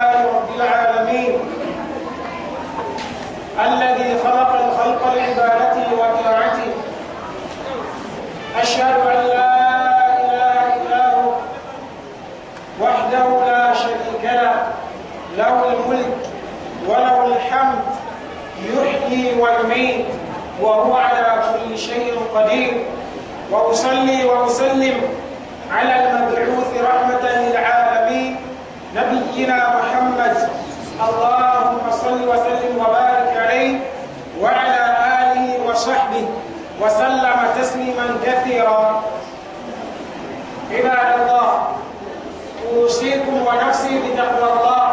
رب العالمين الذي خلق الخلق لعبادته وطاعته أشهد أن لا إله إلا هو وحده لا شريك له له الملك وله الحمد يحيي ويميت وهو على كل شيء قدير وأصلي وأسلم على المبعوث رحمة للعالمين نبينا محمد اللهم صل وسلم وبارك عليه وعلى آله وصحبه وسلم تسليما كثيرا عباد الله أوصيكم ونفسي بتقوى الله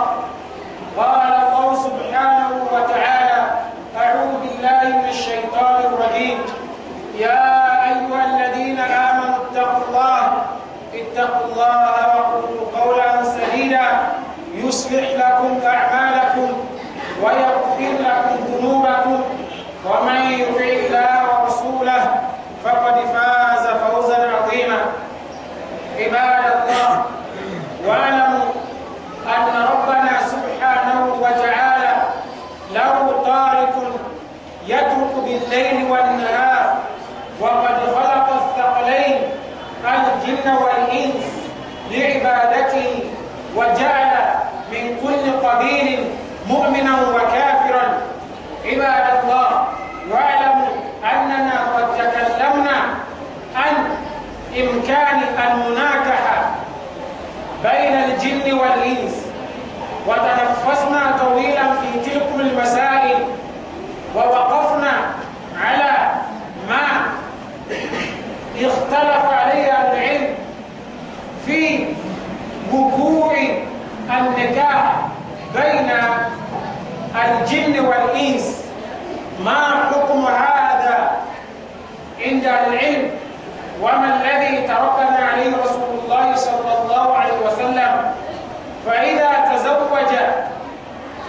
قال الله سبحانه وتعالى أعوذ بالله من الشيطان الرجيم يا أيها الذين آمنوا اتقوا الله اتقوا الله يصلح لكم أعمالكم ويغفر لكم ذنوبكم ومن يطع الله ورسوله فقد فاز فوزا عظيما عباد الله واعلموا أن ربنا سبحانه وتعالى له طارق يترك بالليل والنهار وقد خلق الثقلين الجن والإنس لعبادته وجعل من كل قبيل مؤمنا وكافرا عباد الله واعلموا أننا قد تكلمنا عن إمكان المناكحة بين الجن والإنس وتنفسنا طويلا في تلك المسائل ووقفنا على بين الجن والإنس ما حكم هذا عند العلم وما الذي تركنا عليه رسول الله صلى الله عليه وسلم فإذا تزوج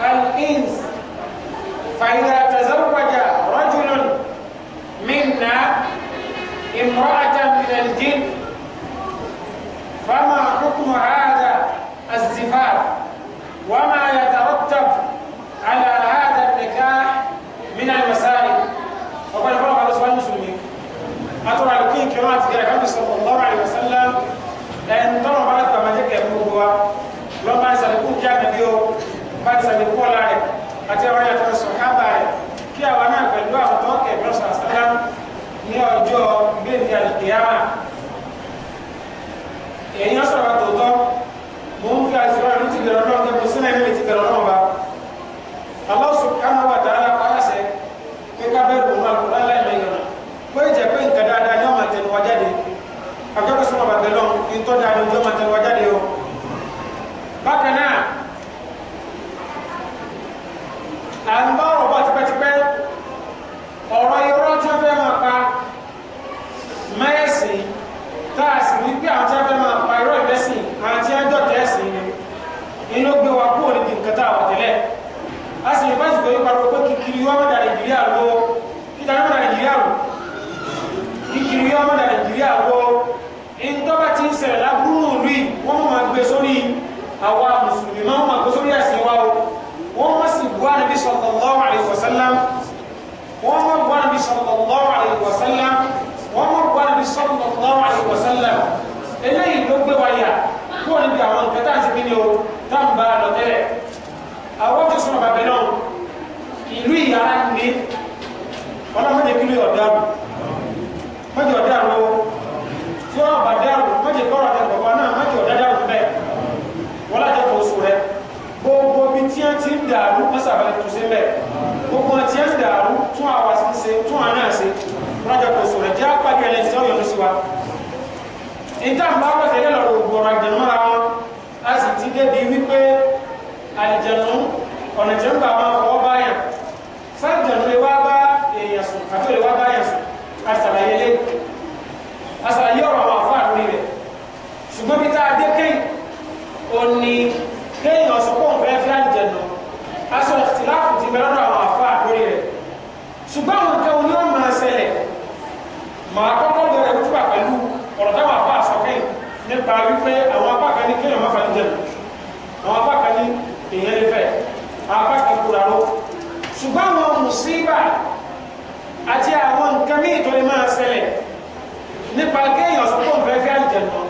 الإنس فإذا تزوج رجل منا امرأة من الجن فما حكم هذا الزفاف وما يترتب على هذا النكاح من المسائل فقال فرق على سؤال المسلمين أترى لكي كرات جاء صلى الله عليه وسلم لأن ترى بلد بما جاء يقولوا لما يسألكم جاء نبيه بعد سألكم لارك أترى رأي الصحابة kí àwa náà pẹ̀lú àwọn tó صلى الله نعم عليه وسلم نيو جو àlùkìyàmà èyí القيامة يعني mò ń fi àìsàn àrùn ti Allah subhanahu wa ta'ala kọ́ ẹ̀ sẹ́ pé ká bẹ́ẹ̀ dùn máa kúrò láì lẹ́yìn ọ̀nà bó ìjẹ́ pé nǹkan dáadáa ni ọmọ tẹnu wá jáde àjọpọ̀ sọ́mọ bàbá lọ́n ìtọ́ dáadáa ni ọmọ tẹnu wá jáde o. bákan náà à ń bá ọ̀rọ̀ bọ̀ tipẹ́tipẹ́ ọ̀rọ̀ irọ́ tí wọ́n fẹ́ máa pa a sì bá mọ̀nà nàìjíríà wọ ntọ́ba ti ń ṣẹlẹ̀ lábúrú òlu yìí wọ́n mọ̀ máa gbé sórí àwa mùsùlùmí máa máa gbé sórí àsìn wa o wọ́n mọ̀ sí bu ànábi sallallahu alaihi wasallam wọ́n mọ̀ bu ànábi sallallahu alaihi wasallam wọ́n mọ̀ bu ànábi sallallahu alaihi wasallam eléyìí ló gbé wáyà kó o níbi àwọn nǹkan tá à ń sèkí ni o tá à bá a lọ tẹ́lẹ̀ àwọn tó sọ̀rọ̀ bàbẹ̀ náà ìlú ìyára ni ọlọ́mọdé kiri ọ̀daràn mọ́jọ dàrú o tí wọ́n bá dàrú mọ́jọ kọ́ra tẹ bàbá náà mọ́jọ dàrú bẹ́ẹ̀ wọ́n lájọ kó sùn rẹ gbogbo bí tí wọ́n ti ń dàrú mọ́sàbà tó ṣe bẹ́ẹ̀ gbogbo tí wọ́n ti dàrú tún àwa sí ṣe tún àná ṣe wọ́n lájọ kó sùn rẹ jẹ́ apákẹ́lẹ́ tí wọ́n yọ̀ sí wa. ìta àbá pẹ̀lẹ́ lọ́rọ̀ ògbọ̀rọ̀ àjẹmọ́ra wọn a sì ti débi wípé àlìjẹ̀nu ọ̀nà màá kọ́kọ́ bẹ̀rẹ̀ wútúbà pẹ̀lú ọ̀rọ̀ táwọn afá àsọkẹ́yìn nípa wípé àwọn apá kan ní kéèyàn má fani jẹ̀lú àwọn apá kan ní èèyàn lè fẹ́ apá kan kúra ló ṣùgbọ́n àwọn mùsíbà àti àwọn nǹkan míì tó lè máa ṣẹlẹ̀ nípa kéèyàn sọ pé òun fẹ́ fẹ́ àlùjẹ̀nà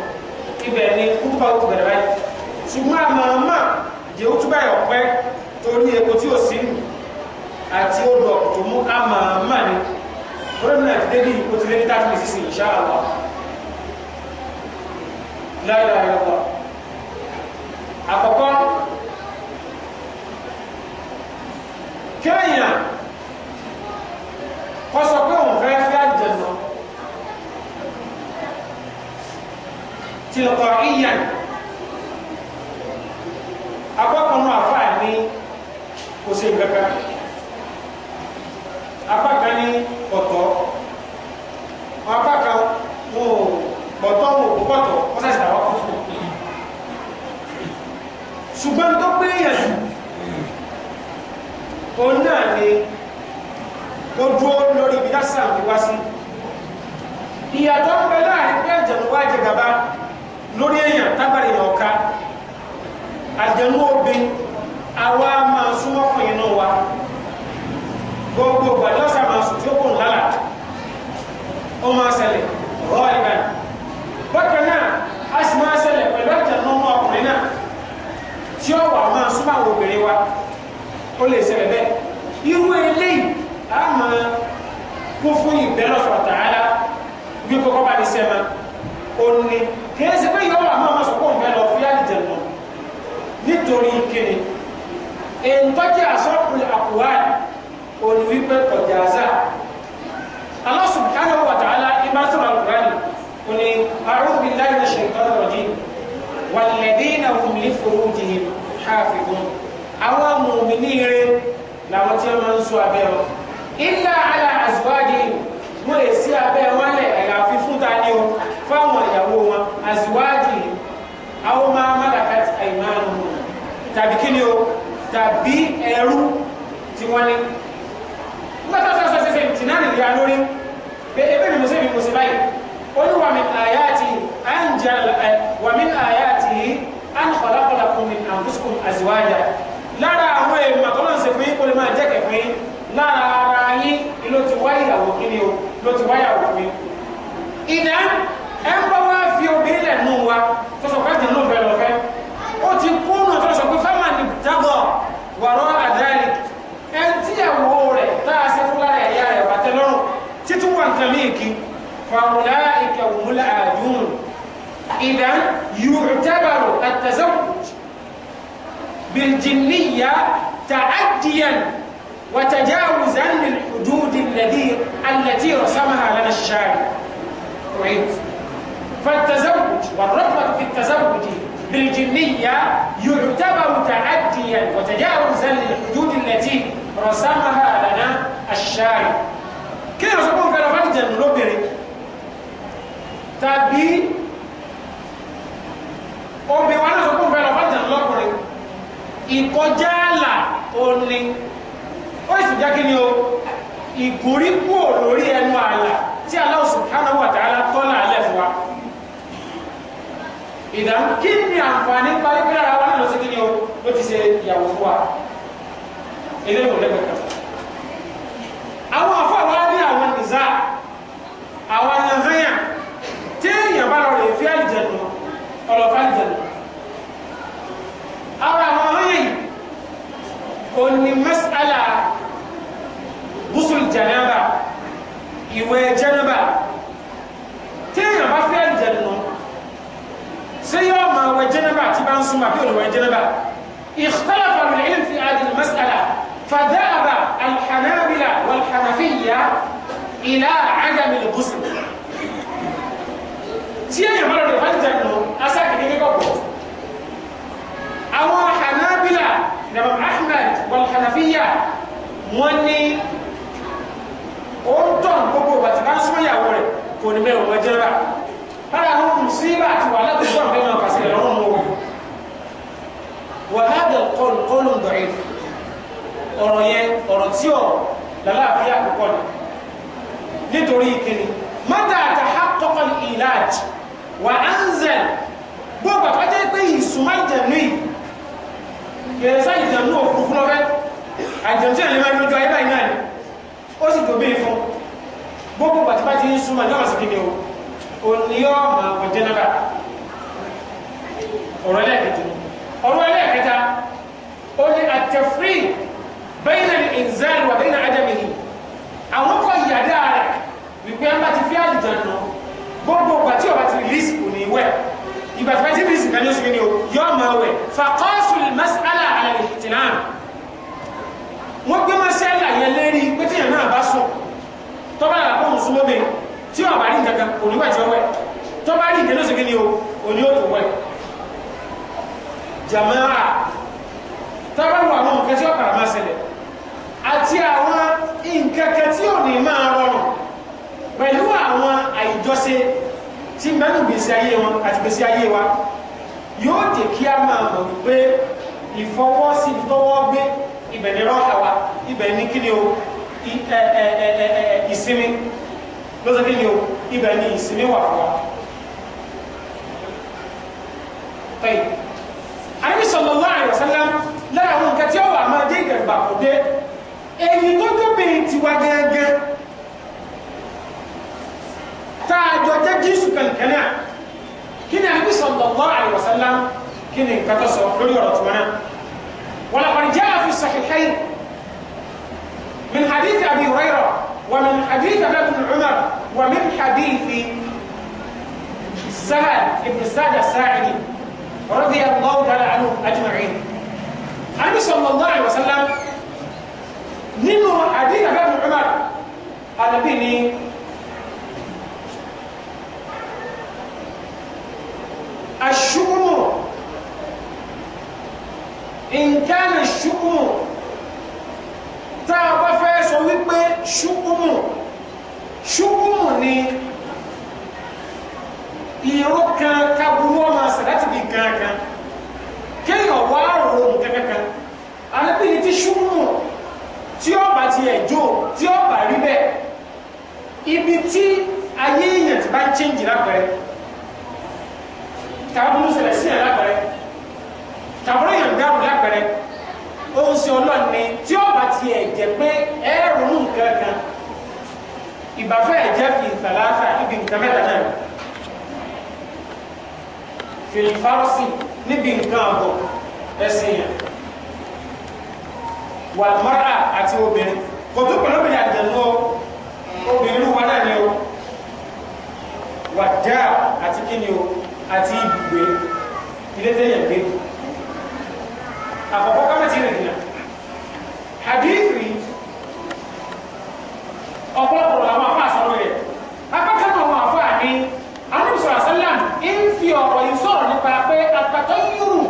ibẹ̀ ni wútúbà ó ti bẹ̀rẹ̀ báyìí ṣùgbọ́n àmọ́ àmọ́ jẹ́ wútúbà yọ̀ pẹ́ torí epo tí ò sí nù àti odò tó mú àmọ́ àmọ́ ni problem náà ti débi o ti lé ní thirty minutes sísìn insha Allah la ilaha illallah àkọ́kọ́ kéèyàn kó sọ pé òun fẹ́ fẹ́ àjẹmọ́ tìlọ̀kọ̀ ìyàn akọ́kọ́ náà fà ní kò sí nǹkan apá kan ní ọ̀tọ̀ apá kan wọn ò gbọ̀tọ̀ wọn ò gbọ̀tọ̀ wọ́n sẹ́sẹ̀ àwọn kò fún un tó pé èèyàn jù òun náà ni ó dúró lórí ibi dásà ń wá sí ìyàtọ̀ ń bẹ láàrin pé àjẹ̀nú wá jẹ gàba lórí èèyàn tábàrí èèyàn ọ̀ka àjẹ̀nú obìn àwa máa súnmọ́ pẹ̀yìn náà wa gbogbo gbàdé ọ̀sà máa sùn tí ó kùn lálà ó máa ṣẹlẹ̀ rọ́ ìgbà bákan náà a sì máa ṣẹlẹ̀ pẹ̀lú àjànú ọmọ ọkùnrin náà tí ó wà máa súnmọ́ àwọn obìnrin wa ó lè ṣẹlẹ̀ bẹ́ẹ̀ irú eléyìí a máa kó fún ìbẹ́lọ̀sọ̀ tààlà bí kókó bá ní sẹ́ma ó ní kìí ṣe pé yọ̀ọ́ àmọ́ ọmọ sọ̀kọ́ nǹkan lọ fi àjẹ̀ lọ nítorí kíni èntọ́jà sọ́kùnrin àkùwáyì òní wípé ọjà àṣà Allah subhanahu wa ta'ala ibà sọ̀rọ̀ àlùkùránì òní a'udhu billahi minash shaitanir rajim walladhina hum li furujihim hafidhun àwọn mùmíní rẹ làwọn tí wọ́n máa ń sọ abẹ́ wọn illa ala azwajihim wọ́n lè sí abẹ́ wọn lẹ̀ àyàfi fún ta ni o fáwọn ìyàwó wọn azwajihim aw ma malakat aymanuhum tàbí kí ni o tàbí ẹrú tí wọ́n ní nígbà tá a sọ ṣẹṣẹ tì náà nìyà lórí pé ebe mi mo ṣe mi mo ṣe báyìí olúwa mi àyà ti à ń jẹ ẹ wà mí àyà ti à ń kọlákọlá fún mi àǹfùsùkùn àzìwájà lára àwọn èèmọ̀ tó lọ́n ṣe fún yín kó lè máa jẹ́ kẹ̀ fún yín lára ara yín ló ti wá ìyàwó kí ni o ló ti wá ìyàwó fún yín. ìdá ẹ ń bá fi obìnrin lẹ̀ nù wa tó sọ pé àjẹ́ náà fẹ́ lọ فأولئك هم العادون إذا يعتبر التزوج بالجنية تعديا وتجاوزا للحدود الذي التي رسمها لنا الشارع أعيد فالتزوج والرغبة في التزوج بالجنية يعتبر تعديا وتجاوزا للحدود التي رسمها لنا الشارع كيف رسمهم كلا فرجا لوبري tàbí omi wa náà sọ́kùn fẹ́ lọ bá jẹ̀ lọ́kùnrin ìkọjá àlà òní ó sì jẹ́ kí ni o ìgúrí kúò lórí ẹnu àlà tí Allah subhanahu wa ta'ala tọ́lá alẹ́ fún wa ìdá kí ni àǹfààní parí pé ara wa náà lọ sí kí ni o ló ti ṣe ìyàwó fún wa eléyìí ò lẹ́gbẹ̀ẹ́ àwọn afọ àwọn á àwọn nìza àwọn nìza. ọlọ́fà jẹun ara àwọn ọ̀hìn òní mas'ala gusul janaba ìwẹ̀ janaba téèyàn bá fẹ́ jẹun nù ṣé yóò máa wẹ̀ janaba àti bá ń súnmọ́ àbí olùwẹ̀ janaba اختلف العلم في هذه المسألة فذهب الحنابلة والحنفية إلى عدم الغسل tí èèyàn bá lọ rẹ̀ fásitì jẹ́ nù asákìdí kíkọ̀kọ̀ àwọn hanabila nàbà ahmed wal hanafiya wọ́n ní ó ń tàn gbogbo bàtí bá ń súnmọ́ ìyàwó rẹ̀ kò ní mẹ́rin wọ́n jẹ́ra lára àwọn mùsíbà àti wàhálà tó tọ̀ fẹ́ máa fàṣẹ mọ́ wọn wàhálà kọlù kọlù dọ̀rẹ́ ọ̀rọ̀ yẹn ọ̀rọ̀ tí ọ̀ lálàáfíà púpọ̀ ni nítorí kíni mọ́tà àtàhà kọ́kọ́ ìlàjì wà á ń zẹ̀ bó bàbá jẹ́ pé ìsúnmọ́ ìjẹ̀nú yìí kìrìsá ìjẹ̀nú òfurufú lọ́fẹ́ àjẹ̀mtí ẹ̀lẹ́ máa ń lójú ayé báyìí náà ni ó sì dòbí fún gbogbo bàtí bá ti ń súnmọ́ ní ọ̀sìn kìíní o ò ní yọ máa wọ jẹ́nàbà ọ̀rọ̀ ẹlẹ́ẹ̀kẹta ọ̀rọ̀ ẹlẹ́ẹ̀kẹta ó ní àtẹ̀frí bẹ́yìn náà àbẹ́yìn ìgbàsípẹ́sí bí ìsìnkà ní oṣù kìíní o yóò máa wẹ̀ fàkọ́sùn mas'ala ala al-ihtinam wọ́n gbé mas'ala yẹn lérí pé tí yẹn náà bá sùn tọ́ba làbọ̀ mùsùlùmọ́ mi tí ọ̀bà rí nǹkan oníwà tí ó wẹ̀ tọ́ba rí nǹkan ní oṣù o òní ó tó wẹ̀ jamaa tọ́ba wà àwọn nǹkan tí ó kàrà máa ṣẹlẹ̀ àti àwọn nǹkan kan tí ò ní máa rọrùn pẹ̀lú àwọn àìjọṣe tí mẹ́nu gbèsè ayé wọn àti gbèsè ayé wa yóò jẹ́ kí a máa mọ̀ wípé ìfọwọ́sí tọwọ́ gbé ibẹ̀ ni rọ́ọ̀kà wa ibẹ̀ ni kíni o ìsinmi lọ́sọ̀ kíni o ibẹ̀ ni ìsinmi wà fún wa. tẹ́yì àyè sallallahu alaihi wasallam lára àwọn nǹkan tí ó wà máa dé ìgbẹ̀gbà kò dé èyí tó dóbe tiwa gẹ́gẹ́ ta jota jisu kan kana kina nabi sallallahu alaihi wasallam kini kata so lori ọ̀rọ̀ tumana wala qad jaa fi sahihayn min hadith abi hurayra wa min hadith ibn umar wa min hadith سهل ابن سعد الساعدي رضي الله تعالى عنه اجمعين النبي صلى الله عليه وسلم nínú àdínàbẹ́bù Umar alábí ni الشؤم إن كان الشؤم tá a bá fẹ́ sọ wípé ṣúkúmù ṣúkúmù ni ìró kan kaburú ọmọ àṣà láti bí kankan kéèyàn wá rò kankan alábìyí tí ṣúkúmù tí ó bá ti ẹ̀jọ́ tí ó bá rí bẹ́ẹ̀ ibi tí ayé èèyàn ti bá ń chẹ́ǹjì lápẹ̀rẹ̀ tàbúrú ṣẹlẹ̀ sí yàn lápẹ̀rẹ̀ tàbúrú yàn dáhùn lápẹ̀rẹ̀ ohun sí ọlọ́run ni tí ó bá tiẹ̀ jẹ́ pé ẹ̀rù ń gangan ìbáfẹ́ ẹ̀jẹ̀ fi ìtàláfà níbi nǹkan mẹ́ta náà fìlìfárọ́sì níbi nǹkan àbọ̀ ẹ̀sìn yàn wà mọ́ra àti obìnrin kò tó pẹ̀lú àjẹ̀nú obìnrin wà náà ni o wà dáa àti kíni o àti ibùgbé ilé tẹ́yàn gbé àkọ́kọ́ kámẹ́tì rẹ̀ dìnnà hadithi ọ̀pọ̀lọpọ̀ àwọn afọ àsọ̀rọ̀ rẹ̀ apákan àwọn afọ àní anúbísọ̀ àsálàm ń fi ọ̀rọ̀ yìí sọ̀rọ̀ nípa pé àtàtọ́ yúrù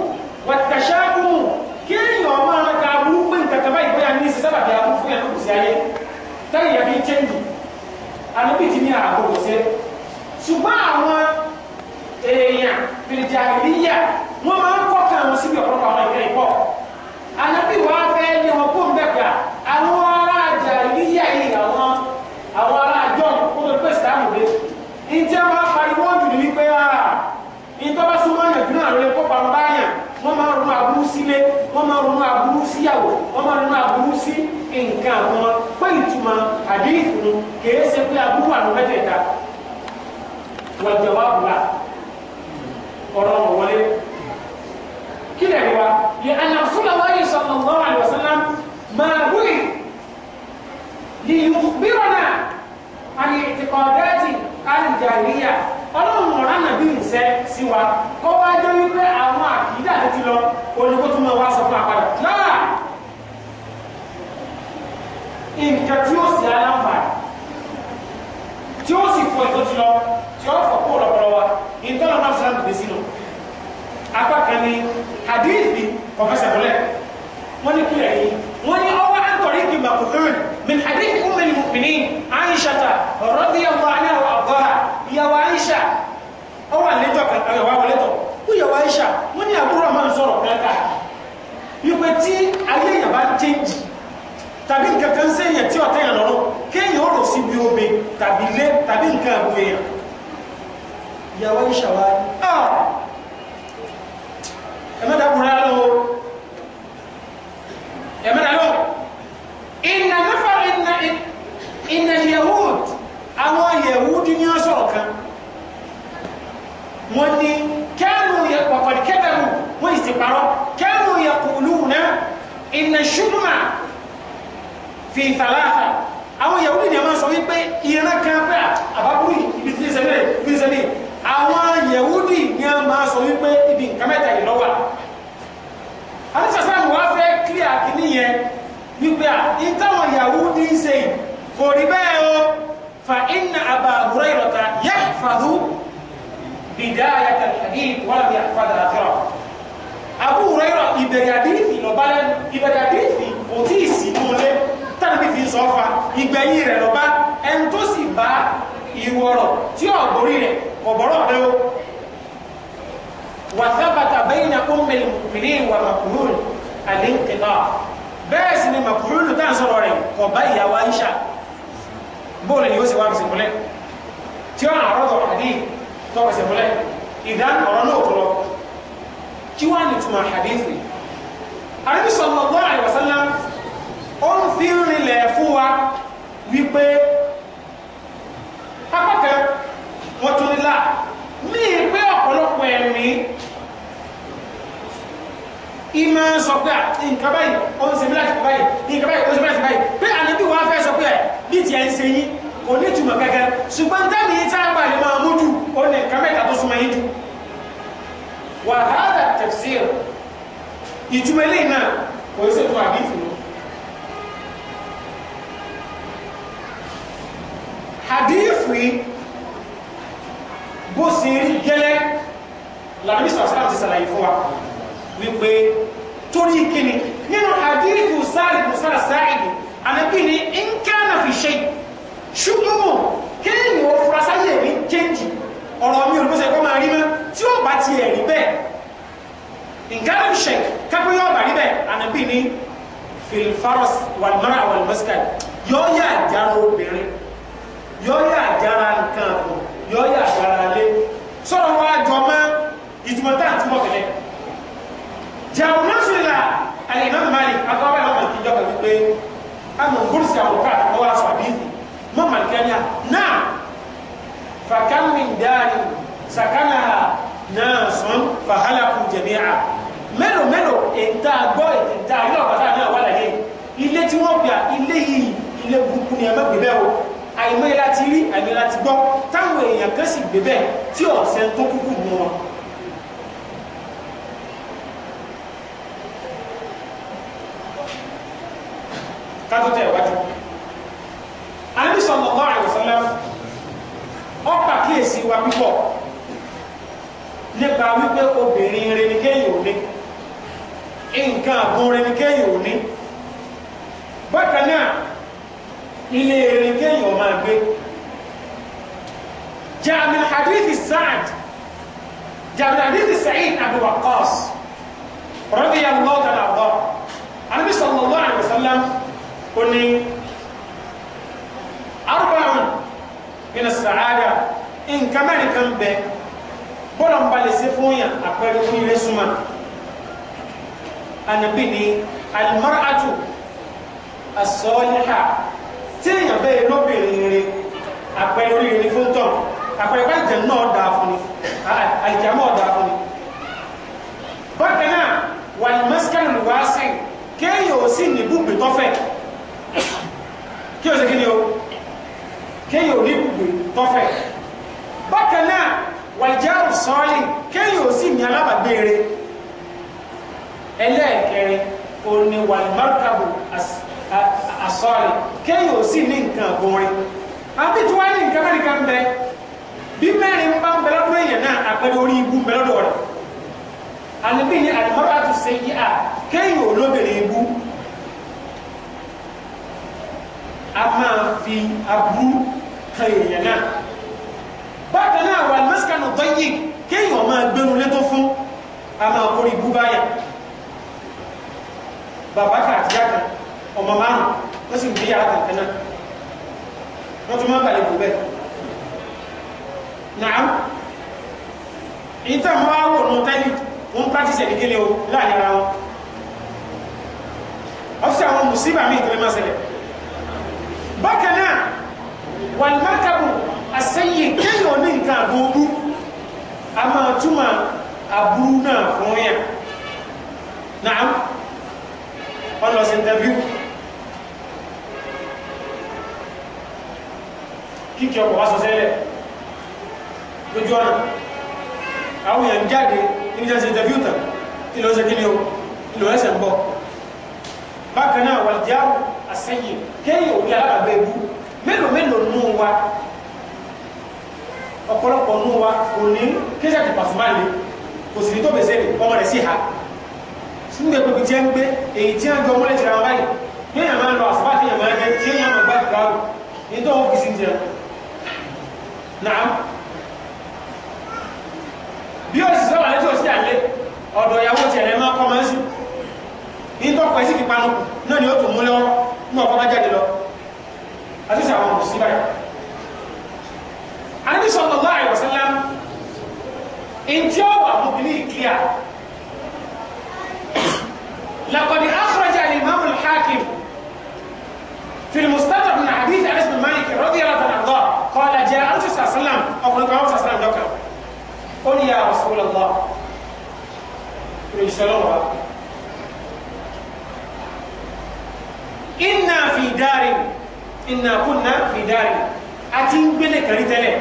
wàtàṣáàbùmù kéèyàn ọmọ ara ta aburú pé nǹkan kan báyìí bóyá ní ìsìn sábàbí aburú fún yàtọ̀ kùsì ayé táyà bí chẹ́ǹgì àníbìtì ní àbòkùsẹ́ ṣùgbọ́n àwọn èèyàn fìdíjà ìlíyà wọ́n máa ń kọ́ kan àwọn síbi ọ̀pọ̀lọpọ̀ àwọn ìkẹyìn pọ̀ ànábì wa fẹ́ ní wọn kó ń bẹ̀ gbà àwọn aráàjà ìlíyà yìí àwọn àwọn aráàjọ kó tó pèsè táwọn òde ìjẹ́ wọn pariwo jù ní wípé ìtọ́ba súnmọ́ yànjú náà lórí kó pamọ́ báyàn wọ́n máa ronú aburú sílé wọ́n máa ronú aburú síyàwó wọ́n máa ronú aburú sí nǹkan àwọn pé ìtumọ̀ àdéhùn kìí pé aburú àrùn mẹ́tẹ̀ẹ̀ta wọ̀jọ̀ wà bùrà ọ̀rọ̀ wọlé kílẹ̀ wa yẹ alasúlá wáyé sallallahu alaihi wasallam máa wúlì lè yùbírọ̀nà àni ìtìkọ̀dẹ́tì alìjàìríyà ọlọ́run ọ̀rá nàbí ìṣẹ́ sí wa kọ́ wá jẹ́ wípé àwọn àkìdá tó ti lọ olùkó tó máa wá sọ fún àpàdà náà nǹkan tí ó sì aláǹfà tí ó sì fọ ètò ti lọ tí ó fọ kó lọ́pọ̀lọ́ wa ìtọ́nà náà sàn dìde sínú apá kan ní hadith ni kọfẹsẹ̀ múlẹ̀ wọ́n ní kílẹ̀ yìí wọ́n ní ọwọ́ àǹtọ̀rí kì màkùnrin min hadith umm al-mu'minin aisha ta radiyallahu anha wa ardaha ìyàwó aisha ọwọ́ àlejò kan ìyàwó àwọlẹ́tọ̀ ó yàwó aisha wọ́n ní àbúrò máa ń sọ̀rọ̀ kẹ́kẹ́ wípé tí ayé èèyàn bá change tàbí nǹkan kan sẹ́yìn tí ọ̀tẹ̀yàn lọ́rọ̀ kéèyàn ọ̀rọ̀ síbi obe tàbí lé tàbí nǹkan àgbò èèyàn ìyàwó ìṣàwá ẹ̀mẹ́ta kúrẹ́ lọ ẹ̀mẹ́ta lọ ìnà mẹ́fà ìnà yahud àwọn yahud ní ọ̀sọ̀ kan wọ́n ní kẹ́nu pọ̀pọ̀lì kẹ́bẹ̀rù wọ́n ìsì parọ́ kẹ́nu yẹkùlù náà ìnà ṣùgbọ́n fi ìtàláta àwọn yahud ní a máa sọ wípé ìran kan pé àbábúrú ibi tí ìṣẹ́lẹ̀ بداية الحديث ولم يحفظ آخره Abu Hurairah ìbẹ̀rẹ̀ àdírífì lọ́bálẹ́ ìbẹ̀rẹ̀ àdírífì kò tí ì sí ní olé tàbí fi sọ fa ìgbẹ̀yìn rẹ̀ lọ́bá ẹni tó sì bá ìwọ ọ̀rọ̀ tí ó borí rẹ̀ ọ̀bọ̀rọ̀ rẹ̀ o. wàtábàtà bẹ́yìn náà ó mẹ́lẹ̀ mùkìlì wà màkúrún àlẹ́ nkìlá bẹ́ẹ̀ sì ni màkúrún tá à ń sọ̀rọ̀ rẹ̀ kọ̀ bá ìyàwó Aisha bóòlù ni ó sì wá tọ́pẹ̀sẹ̀ múlẹ̀ ìdán ọ̀rọ̀ náà tọrọ kí wá ní túmọ̀ hadithi Ànábì sallallahu alaihi wasallam ó ń fi rinlẹ̀ fún wa wípé apákẹ́ wọ́n tún nílá ní ìpé ọ̀pọ̀lọpọ̀ ẹ̀mí ìmọ̀ sọ pé ah, nǹkan báyìí ó ń ṣe mí láti báyìí nǹkan báyìí ó ń ṣe mí láti pé Ànábì wá fẹ́ sọ pé bí ah, tiẹ̀ kò ní ìtumọ̀ kankan ṣùgbọ́n tẹ́lẹ̀ yìí tá a bá lè máa mú jù ó ní nǹkan mẹ́ta tó súnmọ́ yín jù wà á dà tafsir ìtumọ̀ eléyìí náà kò ní ṣètò àdìfù lọ. àdìfù yìí bó ṣe rí gẹ́lẹ́ làbí sọ̀rọ̀ sáà ti ṣàlàyé fún wa wípé torí kíni nínú àdìfù sáà ìbùsọ̀rọ̀ sáà ìbù àmì kíni ń kánà fi ṣe yìí ṣùgbọ́n kéèyàn ó fura sáyé mi kéèjì ọ̀rọ̀ mi ò ní sẹ́kọ́ máa rí mọ́ tí ó bá ti ẹ̀rí bẹ́ẹ̀ nǹkan ṣẹ̀k kápẹ́ yóò bá rí bẹ́ẹ̀ ànábì ní filfaros walmara walmaskai yóò yà àjára obìnrin yóò yà àjára nǹkan àpò yóò yà àjára lé sọ̀rọ̀ wa jọ mọ́ ìtumọ̀ tá à ń túmọ̀ tẹ́lẹ̀ jàùn náà fi là àlè náà mali akọ́wé ọmọ ìjọba wípé àmọ̀ gbòòsì àwọn káàkiri wọ́n wá sọ àbí mo malikanya na fakam min dari sakanaha naasun fahalaku jami'a mélòó mélòó ètò àgbọ ètò àyọ bàtà náà wà láyé ilé tí wọn gbà ilé yìí ilé burúkú ni ẹ má gbé bẹ́ẹ̀ o àìmọye láti rí àìmọye láti gbọ́ táwọn èèyàn kan sì gbé bẹ́ẹ̀ tí ọ̀sẹ̀ tó kúkú mú wọn. kátó tẹ̀ wájú àní sallallahu alaihi wasallam ọ̀pá kíyèsí wa púpọ̀ nípa wípé obìnrin renikẹ́yìn òní nǹkan àbọn renikẹ́yìn òní bákan náà ilé renikẹ́yìn ọmọ àgbé jaamin hadithi Sa'd jaamin hadithi Sa'id Abu Waqqas radiyallahu ta'ala anhu Ànábì sallallahu alaihi wasallam ó ní arba'un min as-sa'ada nǹkan mẹ́rin kan bẹ bọ́lọ̀ ń balẹ̀ sí fún yàn àpẹẹrẹ fún ilé súnmọ́ anabi ni al-mar'atu as-salihah tí èèyàn bẹ́ẹ̀ lóbìnrin rẹ àpẹẹrẹ orí rẹ fún tọ̀ àpẹẹrẹ bá ìjẹun náà dáa fún ni àìjàmọ́ dáa fún ni kéèyàn ò ní gbùgbé tọ́fẹ̀ bákan náà wàlìjáàrù sọ́ọ́lì kéèyàn ò sì ní alábàgbére ẹlẹ́ẹ̀kẹrin òní wàlìmárùkàbù àsọ́ọ̀lì kéèyàn ò sì ní nǹkan àgbọ̀nrin àbí tí wọ́n ní nǹkan mẹ́rin kan bẹ bí mẹ́rin bá ń bẹ lọ́dún èèyàn náà àpẹẹrẹ orí ibú ń bẹ lọ́dọ̀ rẹ̀ àlùbí ni àlùmọ́ràtù sẹ́yìn à kéèyàn ò lóbìnrin ibú a máa fi aburú kan èèyàn náà bákan náà wà lásìkànnà dọ́yì kéèyàn máa gbénu létó fún a máa kórè ibú báyà bàbá kà àti yàtọ̀ ọmọ márùn wọ́n sì ń gbé yàrá kankan náà wọ́n tún máa balẹ̀ bù bẹ́ẹ̀ nàá ìtàn máa wò nù tẹ́lẹ̀ wọ́n practice ẹ̀dígẹ́lẹ́ o láàrin ara wọn ọ́fíìsì àwọn mùsíbà mi ìtẹ̀lẹ́ máa ṣẹlẹ̀ bákan náà wàlmákàbù àsẹ́yẹ kéèyàn ní nǹkan àbúrú a máa túmọ̀ àbúrú náà fún yà náà wọ́n lọ sí interview kíkẹ́ ọkọ̀ wá sọ sẹ́lẹ̀ lójú ọ̀nà àwọn èèyàn jáde níbi jẹ́ interview tán ìlọ́sẹ̀ kí ni o ìlọ́sẹ̀ ń bọ̀ bákan náà wàlìjáwò sẹ́yìn kéèyàn ò ní alábàgbé bú mélòó mélòó nù wa ọ̀pọ̀lọpọ̀ nù wa kò ní kéṣà ti pàṣẹ máa le kò sì ní tó bèsè ọmọ rẹ̀ sí ha sígbè pépé tí a ń gbé èyí tí a ń jọ múlẹ̀ jìnnà wọn báyìí bí èèyàn máa ń lọ àṣùbà tí èèyàn máa ń yẹ tí èèyàn máa gbá ìgbà rò ní tó ń fi sí jẹ náà bí ó sì sọ wà lẹ́tọ̀ sí àlẹ́ ọ̀dọ̀ ìyàwó tiẹ̀ lẹ́ máa kọ́ máa ń sùn ní tọ́pọ̀ ẹ̀ sì fi panu náà ni ó tún mú lọ́wọ́ mú ọkọ máa jáde lọ àti sọ àwọn mùsùlùmí báyìí anabi sallallahu alaihi wasallam ntí ọwọ àbúkìlì ìkíyà لقد أخرج الإمام الحاكم في المستدرك من حديث أنس بن مالك رضي الله عنه قال جاء رسول صلى الله عليه وسلم أو قال صلى الله عليه وسلم قل يا رسول الله قل سلام inna fi dárin inna kunna fi dárin a ti ń gbélé kàrí tẹ́lẹ̀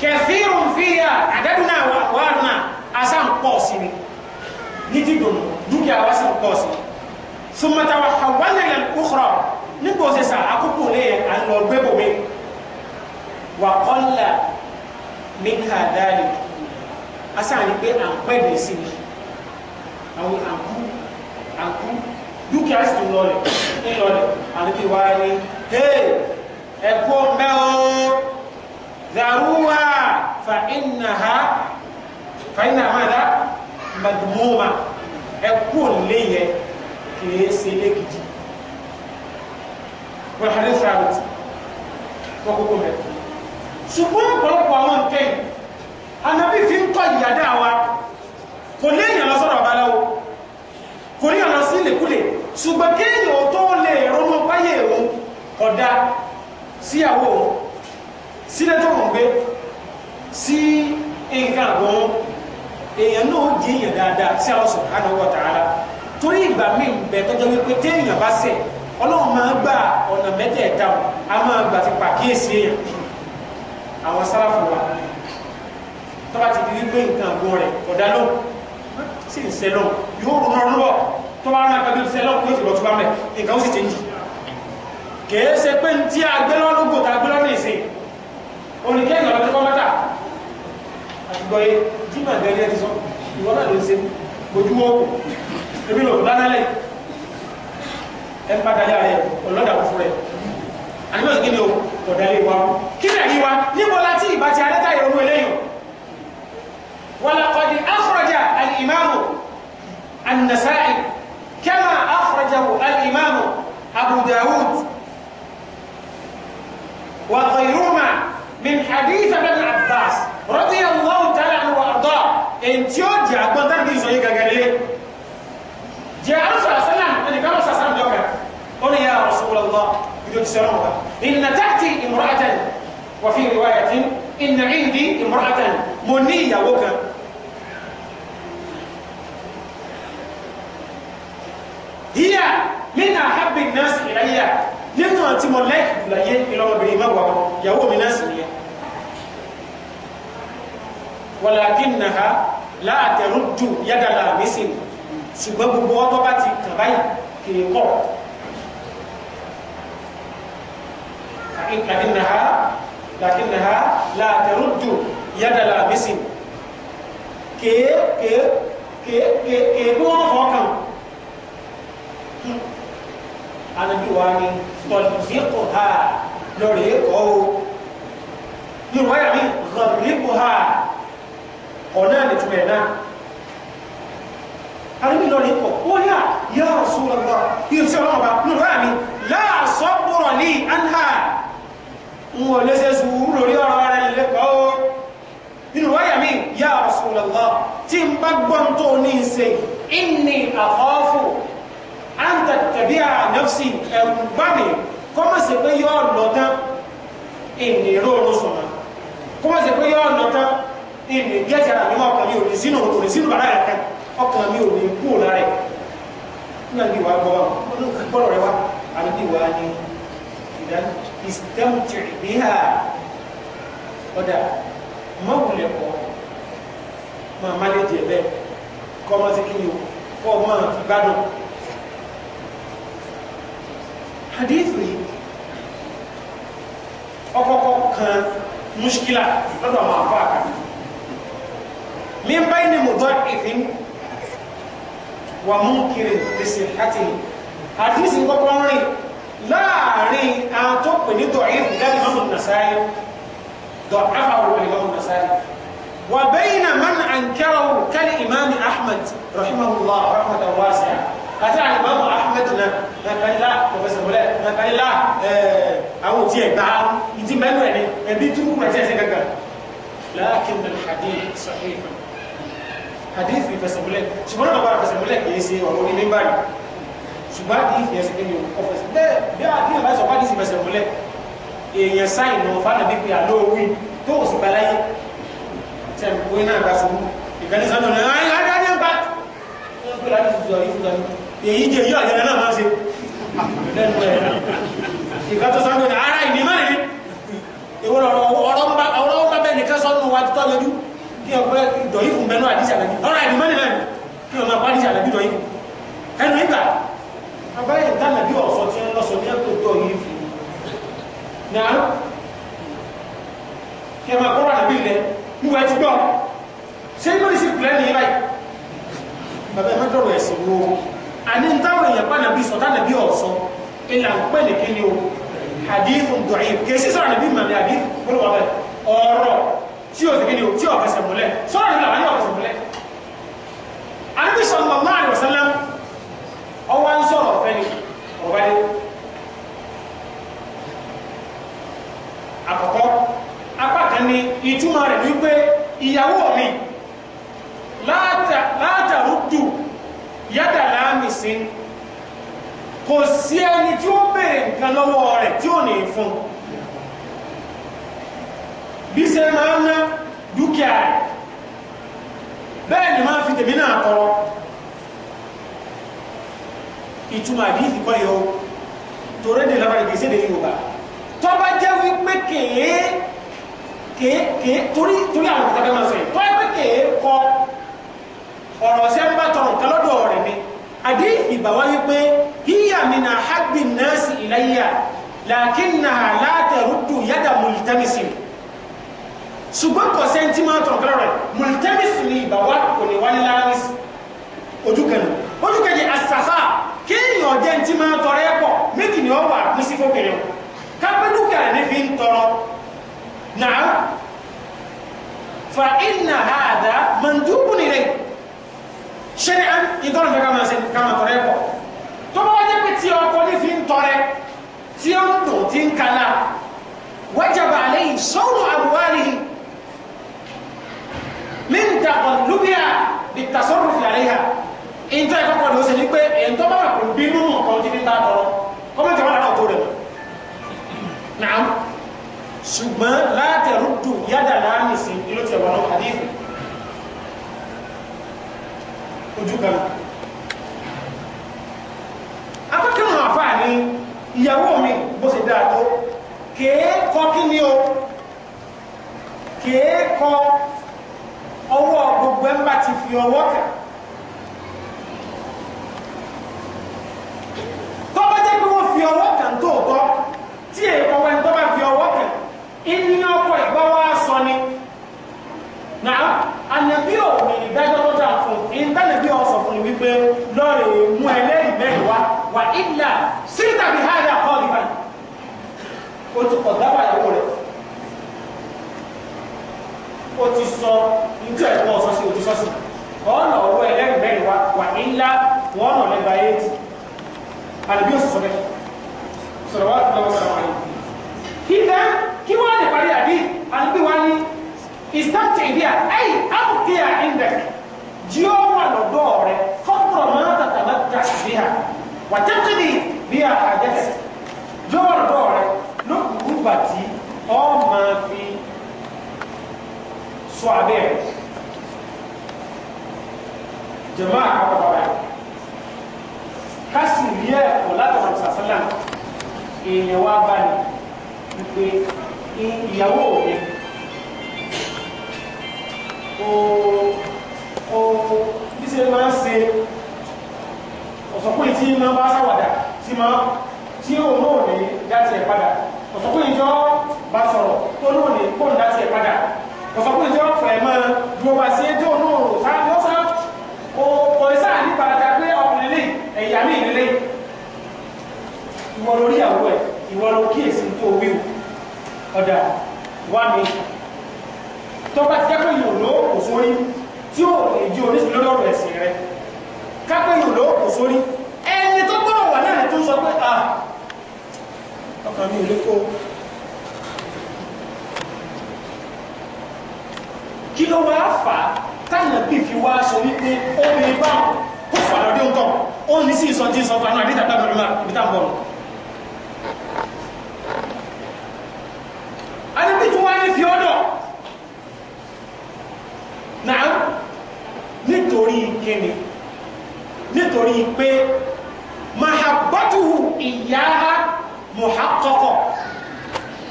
kẹfìrún fìyà àdádùnà wàhánà a sá ń pọ̀ sí ni ní ti dùn dúkìá wa sì ń pọ̀ sí sumatawa hawana ilẹ̀ kúkúrọ̀ nígbà ó ṣe sà àkókò lè à ń lọ gbé asan ni pe an pẹ de si ni an ku an ku dúkìá sì ń lọlẹ̀ ń lọlẹ̀ àdébí wa ni ẹ̀kọ́ mbẹ́ o dàrúwà fa ìnàhà fa ìnàhà máa dá madumuma ẹ̀kọ́ lé yẹ kìí ṣe lẹ́kìtì wọ́n hadith sábẹ̀tì wọ́n kókó mẹ́rin ṣùgbọ́n. káàbọ̀ èèyàn náà di èèyàn dáadáa sí Allah subhanahu wa ta'ala torí ìgbà míì bẹ̀ tọ́jọ́ wípé téèyàn bá ṣẹ̀ ọlọ́run máa gba ọ̀nà mẹ́tẹ̀ẹ̀ta o a máa gbà ti pàkíyèsí èèyàn àwọn sáláfù wa tọ́ba ti di wípé nǹkan àgọ́ rẹ̀ ọ̀dà lóhùn sì ń sẹ́ lọ́wọ́ yóò rún ọ lọ́wọ́ tọ́ba rán akadé ti sẹ́ lọ́wọ́ yóò ti lọ tún bá mẹ́ nǹkan ó sì ti ń jì kèé ṣe pé ní tí agbẹ́lọ́lógò tá agbẹ́lọ́ ní ìsìn oníkẹ́yìn ọ̀dọ́ tó kọ́ mọ́ta gbọ́yé jimá gẹ́gẹ́ ẹ ti sọ ìwọ náà ló ń ṣe ojúmọ́ ebi lọ lánàlẹ́ ẹ ń padà yára yẹ ọlọ́dà kò fún rẹ àníbọ̀ sí kíni o ọ̀dàlẹ̀ wa kí náà yí níbo láti ìbá ti adẹ́ta ìrònú eléyìí ولقد أخرج الإمام النسائي كما أخرجه الإمام أبو داود وغيرهما من حديث ابن عباس رضي الله تعالى عنه وارضاه ان تيوجي اكون تربي سوي غغري جاء رسول الله صلى الله عليه وسلم قال قل يا رسول الله بدون سلامك ان تاتي امراه وفي روايه ان عندي امراه منيه وكان tí mo láìkì jù láyé ìlọ́mọbìnrin mẹ́wàá wọn ìyàwó mi náà sì ní ẹ walakinnaha láàtẹ̀rù jù yádàlá mi ṣùgbọ́n gbogbo ọtọ́ bá ti kàn báyìí kì í kọ́ لكنها لكنها لا ترد يد لامس كي كي كي كي كي بوانا فوقا أنا جواني tọ̀lìfíkùhà lórí ẹ̀kọ́ o yorùbá yà mí rọ̀lìkùhà ọ̀nà ìtumẹ̀ náà àríbí lórí ẹ̀kọ́ ó yà ah, yà Rasulullah ìrìnsẹ̀ ọlọ́ọ̀bá yorùbá yà mí láàsọ́gbọ̀rọ̀ ní anha ń wọ lẹ́sẹ̀ sùúrù lórí ọ̀rọ̀ rẹ̀ lẹ́kọ́ o nínú wáyà mí yà Rasulullah tí ń bá gbọ́n tó ní í ṣe inni àkọ́fù anta tẹ̀bíà nọ́fsì ẹ̀rù bá mi kọ́mọ̀sì pé yọ lọ́tà ìní rọrùn sọ̀nà kọ́mọ̀sì pé yọ lọ́tà ìní gẹ́gẹ́ra mi wà ọkàn mi ò ní sínú òní sínú bàrá yàtọ̀ ọkàn mi ò ní kú lára ẹ̀ nígbà tí wàá gbọ́ wa gbọ́dọ̀ rẹ wa àbí tí wàá ní ìdá ìsítẹ́mùtì ìbíhà ọ̀dà mọ́wùlẹ̀ sí kí ni o kọ́ ọmọ ìgbádùn. حديث لي أقوقك مشكلة هذا ما فاك من بين مضعف ومنكر بصحته حديث القرآن لا أري أن تقني ضعيف قال إمام النسائي ضعفه الإمام النسائي وبين من أنكره كالإمام أحمد رحمه الله رحمة واسعة àti àlìmọ́mù ahmed náà nàkàlá pọfẹsọ mọlẹ nàkàlá àwọn tí ẹ gbà ìdí mẹnu ẹni ẹbí tún kúrò tí ẹ ṣe gàgà láàkín nà hadith sahih hadith ìfẹsẹ̀ mọlẹ ṣùgbọ́n náà bá fẹsẹ̀ mọlẹ kì í ṣe ọ̀rọ̀ ní mímbà yìí ṣùgbọ́n hadith yẹn ṣe kí ni o fẹsẹ̀ bẹ́ẹ̀ bí àdìyàn bá sọ hadith ìfẹsẹ̀ mọlẹ èèyàn sáyìn náà fánàbí pé àlọ́ òwì tó o sì balayé tẹ̀ ń pé náà bá ṣubú ìkànnì èyí jẹ yóò àjẹrẹ náà máa ṣe ìgbà tó sáré ní ara ìní mẹ́rin ìwọ ọ̀rọ̀ ọba bẹ́ẹ̀ nìkan sọ́nù wa tọ́ lójú kí ọgbẹ́ ìdọ̀yí fún bẹ́ẹ̀ náà àdíjà lẹ́bí ọ̀rọ̀ ìní mẹ́rin náà kí ọmọ àpá àdíjà lẹ́bí dọ̀yí fún ẹnu ìgbà abáyé dáná bí ọ̀sọ̀ tí ń lọ́sọ ní ẹ̀kọ́ tó yìí fún ní àná kí ẹ máa kọ́ra àbí ilẹ̀ wíwá ti gbọ́ ṣé ń lórí àní táwọn èèyàn bá nàbí sọ̀tá nàbí ọ̀sọ́ ilà ń pè ní kí ni o hadith da'if kèsì sọ̀rọ̀ nàbí màmí hadith gbọ́dọ̀ wà bẹ́ẹ̀ ọ̀rọ̀ tí o sì kí ni o tí o fẹsẹ̀ múlẹ̀ sọ̀rọ̀ nígbà wà ní ọ̀fẹsẹ̀ múlẹ̀ àníbi sallallahu alaihi wasallam ọwọ́ ń sọ̀rọ̀ ọ̀fẹ́ ni ọ̀bá ni ìtumọ̀ rẹ̀ wípé ìyàwó mi látàrúdù yádàlá nìsín kò sí ẹni tí ó béèrè nǹkan lọ́wọ́ rẹ̀ tí ò ní fún bí ṣe máa ń ná dúkìá rẹ̀ bẹ́ẹ̀ ni máa fi tèmi náà tọrọ ìtumọ̀ àdìsí kọ́ yìí o torí ní lábàrí kìí ṣe lèyìn òbá tó bá jẹ́ wípé kèé kèé torí torí àwọn kọ́kọ́ máa sọ yìí tó bá jẹ́ pé kèé kọ ọ̀rọ̀ ṣe ń bá hadithi bá wáyé pé hiya mina habbi nasi ilayya lakinnaha la taruddu yada multamisin ṣùgbọ́n kò sẹ́ńtì máa tọ̀ kọ́ra rẹ̀ multamisin ni ìbá wa kò ní wáyé láàrín ojú kẹnu ojú kẹjì asafa kéèyàn jẹ́ ntí máa tọrọ ẹ pọ̀ méjì ni ó wà pín sí fókèrè kápẹ́dúkà ní fi ń tọrọ náà fa inna hada mandubun ṣẹ́ni án ìtọ́nà fẹ́ káma ṣe káma tọrẹ pọ̀ tó bá wájẹ́ pé tí ọkọ ní fi ń tọrẹ tí ó ń dùn tí ń kala wájàbà àléyìn sọ́wọ́ àbúwálì mí ń dàgbọ̀ lúbíà ìtàsọ́rọ̀ fi àléyà ìtọ́ ìkọ́kọ́ ló ṣe ní pé èyí tó bá wà kò bínú nǹkan tí ní bá tọrọ kọ́mọ̀ tí wọ́n lára ọ̀tọ́ rẹ̀ mọ́ nàám ṣùgbọ́n látẹ̀rù dùn yádà láàmì sí ilé tí ẹ̀wọ̀n náà àdéhùn ojú kan akọ́kẹ́rùn àfáà ní ìyàwó mi bó ṣe dáa tó kéèkọ́ kí ni o kéèkọ́ ọwọ́ gbogbo ẹ̀mbà ti fi ọwọ́ kà tọ́bọ́ jẹ́ pé wọ́n fi ọwọ́ kà tó tọ́ tí èèkọ́ wẹ́n tọ́bọ́ fi ọwọ́ kà ìní ọkọ̀ ìgbọ́wọ́ sọ ni nàá ànàbí ò ní ìdájọ́ tó ìntànàbí ọ̀sọ̀ fún wípé lọ́rẹ̀ mú ẹlẹ́rìí mẹ́rin wá wà ìlà síta bí háyà kọ́ọ̀dìbà O ti kọ̀ dábà ìyàwó rẹ̀ ó ti sọ ìjọ ẹ̀kọ́ ọ̀sọ̀ sí òtí sọ́sì ọ̀nà ọ̀rọ̀ ẹlẹ́rìí mẹ́rin wá wà ìlà wọ́n nà lẹ́gbà éètì àdàbí ó sọ̀rọ̀ sọ̀rọ̀ wá tó lọ́wọ́ sọ̀rọ̀ wáyé kí lẹ́ kí wọ́n lè parí àdí àdúgbò wá ní ìsítàtì ìdíyà ẹ̀yìn àbùkíyà ìndẹ̀kì tí ó wà lọ́dọ̀ rẹ fọ́pọ̀ máa tàtà máa ta sí ha wà tẹ́tẹ́lì bí a àjẹsẹ̀ yọ wà lọ́dọ̀ rẹ lókùnkùn bàtí ọ máa fi sọ abẹ́ rẹ jẹ̀mọ́ àkọ́kọ́ rẹ ká sì rí ẹ̀kọ́ látọ̀rọ̀ sàṣẹ́lá èèyàn wá ìyàwó mi ó o bí ṣe máa ń ṣe ọ̀sọ̀kùnrin tí máa bá ṣàwàdà tí máa tí ó náà ní dáti ẹ̀ padà ọ̀sọ̀kùnrin jọ bá sọ̀rọ̀ tó náà ní kó ní dáti ẹ̀ padà ọ̀sọ̀kùnrin jọ fẹ̀ máa dúró bá ṣe tó náà sáfọ́sá o kò sá nípa ta pé ọkùnrin lè ẹ̀yà mí ìrẹ́lẹ́ ìwọ lórí àwọ̀ ẹ̀ ìwọ ló kíyèsí tó wíwù ọ̀dà wá mi tọ́ba ti jẹ́ pé yòó ló kò tí ó lè jí oníṣẹ́ lórí ọ̀rọ̀ ẹ̀sìn rẹ kápẹ́ yìí ló kò sórí ẹni tó gbọ́dọ̀ wà náà tó sọ pé à ọkàn mi ò lè kó kí ló wá fà á táyà bí fi wá aṣọ wípé ó lè bá kó fà lọ́dẹ́ ó tán ó ní sí ìsọjí ìsọba náà nígbà tábìlì máa bí tá bọ̀ adébítú wáyé fi nítorí kíni nítorí pé mahabatuhu ìyáha muhaqqaqa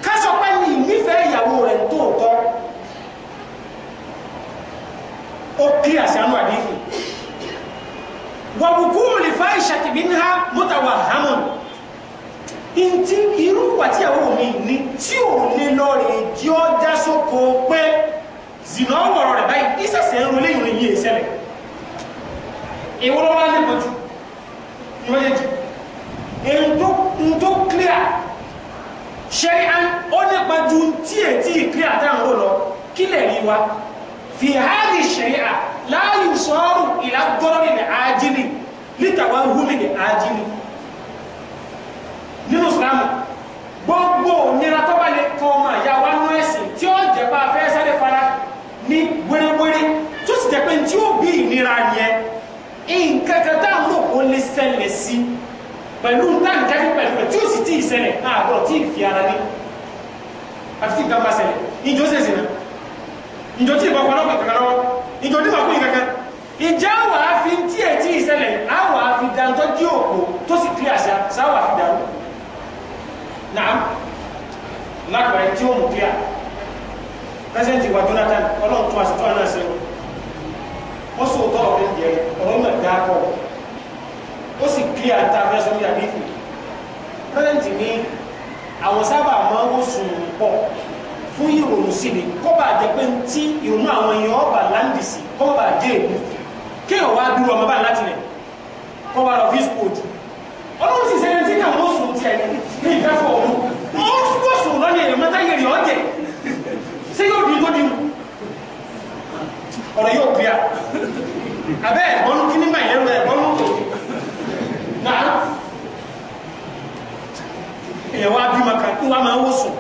kásọ pé ní ìnífẹ̀ẹ́ ìyàwó rẹ̀ tó tọ́ ó kí àṣánú àdífì wàbùkúrò lè fa ìṣàtìbí ní ha mọ́tàwà hammond ntí irú wà tí àwọn omi ní tí ò lè lọ rè jí ọjà sóko pé zìnà ọwọ́rọ̀ rẹ̀ báyìí ìṣẹ̀ṣẹ̀ ń rolé ìròyìn ìṣẹ̀lẹ̀ ìwúrọ̀ wá lè mọ̀jú méjèèjì ntó clear ṣe ó nípa ju tí ètí clear táwọn lò lọ kílẹ̀ rí wa fi hàrí ṣẹ̀yà láàyè sọ́ọ̀rù ìlágọ́rì ní àjílì lítàwà húlì ní àjílì nínú Islam gbogbo nira tó bá lè fọ ọmọ àyà wa nú ẹ̀sìn tí ó jẹ́ bá fẹ́ sáré fara ní wéréwéré tó sì jẹ́ pé tí ó bí ìnira yẹn nǹkan kan tá à ń lò kó lè ṣẹlẹ̀ sí pẹ̀lú táǹkà ní pẹ̀lú tí ó sì tí ì ṣẹlẹ̀ àbọ̀ tí ì fi ara ní àti tí nǹkan bá ṣẹlẹ̀ ìjọ ṣèṣì náà ìjọ tí ìbọn pọnà kankan lọ́wọ́ ìjọ tí màkúrì kankan ìjà wà á fi tí ẹ̀ tí ì ṣẹlẹ̀ á wà á fi dáńtọ́ dí òpó tó sì kí àṣà sáwà fi dàrú náà lápẹ̀rẹ̀ tí ó mú kíá pẹ́sẹ́ǹtì wà Jonathan ọlọ́run tún àṣetọ́ náà ṣẹ́wọ̀n wọ́n sọ tọ́ ọ̀rẹ́ jẹ ọ̀rọ̀ mà dá pọ̀ ó sì kí ata fẹ́ sọ́mi àdínkù pẹ́rẹ́ǹtì ní àwọn sábà máa ń sùn pọ̀ fún ìrònú sí ni kọ́ba jẹ́ pé tí ìrònú àwọn èèyàn ọba láǹdì sí kọ́ba jẹ́ èkú kéèyàn wá dúró ọmọ báyìí láti rẹ̀ kọ́ba lọ fi sùn òjò ọlọ́run sì sẹ́yìn tí kà mọ́ sùn tiẹ̀ ní ìfẹ́ fún ọ̀run ó sùn lọ́yẹ̀ ìrìn mọ́tá yẹ̀rì ọ̀jẹ̀ ṣé yóò di tó di mu ọ̀rọ̀ yóò kíá abẹ́ ẹ̀gbọ́nú kí ní báyìí lẹ́nu ẹ̀gbọ́nú tó náà èèyàn wá bímọ kan kí wọ́n máa ń wòsàn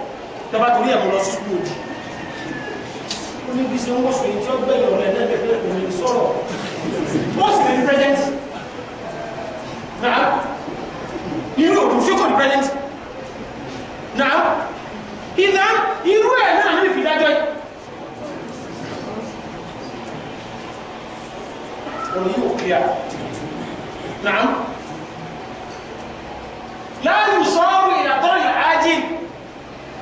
lọ́ba torí ẹ̀mọ́ lọ sí sùkúl òjì ó ní bí ṣe ń wòsàn yìí tí ó gbẹ̀yìn ọ̀rẹ́ náà bẹ̀rẹ̀ kò ní sọ̀rọ̀ wọ́n sì lè ní pẹ́sẹ́ntì náà irú òkú ṣé kò ní pẹ́sẹ́ntì náà ìdá irú ẹ̀ náà ní ìfidájọ́ yìí ọ̀rọ̀ yìí ò kíá náà láàrín sọ́ọ̀rọ̀ ìyàtọ̀ ìhájí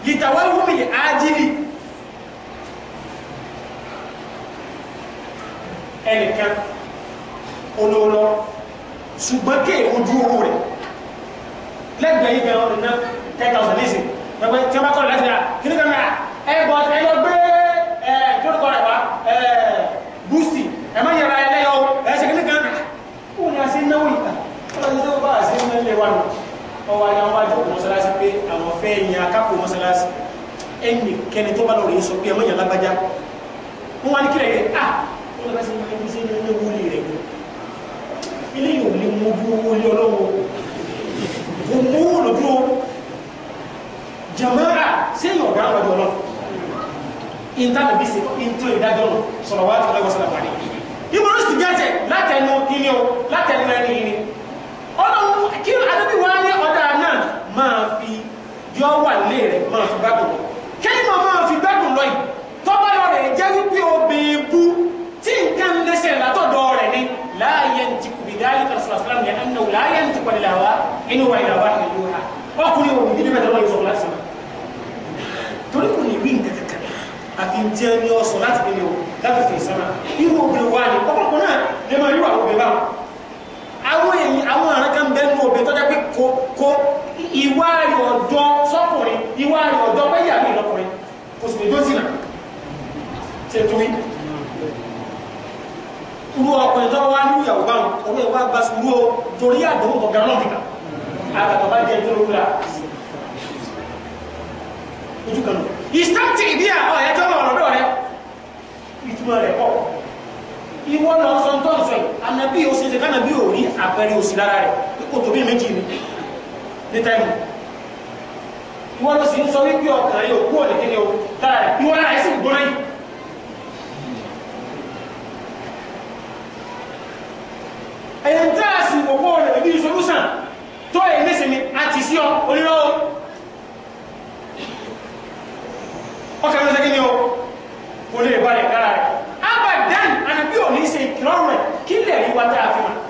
lìtàwẹ́wùmí ìhájílì ẹnìkan olóòlọ́ ṣùgbọ́n kí ojú owó rẹ̀ lẹ́gbẹ̀ẹ́ ibẹ̀ ọ̀rọ̀ náà 10,000 lẹ́sìn ẹgbẹ́ tí wọ́n bá kọ́ lẹ́sìn à kí ní kan náà ẹgbọ́ ẹlọ́gbẹ́ tẹ́lẹ̀ wà nù ọwọ́ ayé wọn wá jòkó mọ́sálásí pé àwọn fẹ́ yan akápò mọ́sálásí ẹnì kẹni tó bá lọ rèé sọ pé ẹ mọ̀nyàn lágbájá wọn wá ní kílẹ̀ yẹn a ah, wọn lọ bá ṣe máa ń ṣe ní wọlé rẹ ilé yìí ò lè mú ojú owó ọlọ́wọ́ kò mú owó jamara sẹ́yìn ọ̀gá ọlọ́dọ̀ ọlọ́ ìntànà bí sèkó ìntò ìdájọ́ nù sọ̀rọ̀ wá tó lọ́wọ́ sọ̀rọ̀ wá ní. ibùdó sì bí àjẹ látẹnu kíni o látẹnu ẹni yìí ọlọ́run kí anábì wá ní ọ̀dà náà máa fi yọ wà lé rẹ̀ máa fi gbádùn lọ kẹ́yìnmọ̀ máa fi gbádùn lọ yìí tọ́ba lọ rẹ̀ jẹ́ wípé obìnrin bú tí nǹkan lẹ́sẹ̀ látọ̀dọ̀ rẹ̀ ni láàyè ti kùbì dáálì kan sọ̀rọ̀ sọ̀rọ̀ ní ẹnu láàyè ti pẹ̀lú làwá inú wa ìlàwá ìlú ha ọkùnrin òun ìdílé mẹ́ta lọ́yọ̀ sọ̀rọ̀ láti torí kò ní rí nǹkan kankan àfi ń jẹ́ ní ọ̀sán láti gbé ní o láti fi sọ́nà irú obìnrin wa ni ọ̀pọ̀lọpọ̀ àwọn èyí àwọn àrán kan bẹ́ẹ̀ nù obìnrin tọ́jà pé kò kò ìwà rẹ̀ ọ̀dọ́ sọ́kùnrin ìwà rẹ̀ ọ̀dọ́ pé ìyàwó ìlọkùnrin kò sì lè dó sínà ṣe tó wí. irú ọkùnrin tó wá ní ìyàwó báwọn owó ìwà gba sùúrù o torí àdánwò tó gan lọ́kìkà àgbàdo bá jẹ ìdúró wúra ojú kan lọ. ìsítàǹtì ìdí àwọn ẹ̀jọ́ ọ̀rọ̀ rẹ̀ ìtumọ̀ rẹ̀ pọ̀ ìwọ náà sọ tó ń sọ yìí ànàbí o ṣe ṣe kánàbí ò rí àpẹẹrẹ òsì lára rẹ̀ kò tóbi méjì ni ní tẹ́lẹ̀ ìwọ ló sì ń sọ wípé ọkàn yóò kú ọ̀dẹ̀ kéde o tára rẹ̀ ìwọ náà ẹ̀sìn gbóná yìí. ẹ̀yẹ̀ ń tẹ́ àsì òkú rẹ̀ bí solúsàn tó ẹ̀ lẹ́sẹ̀ mi àti sí ọ onírọ́ ọkàn ló ṣe kí ni o kò lè وتا فيما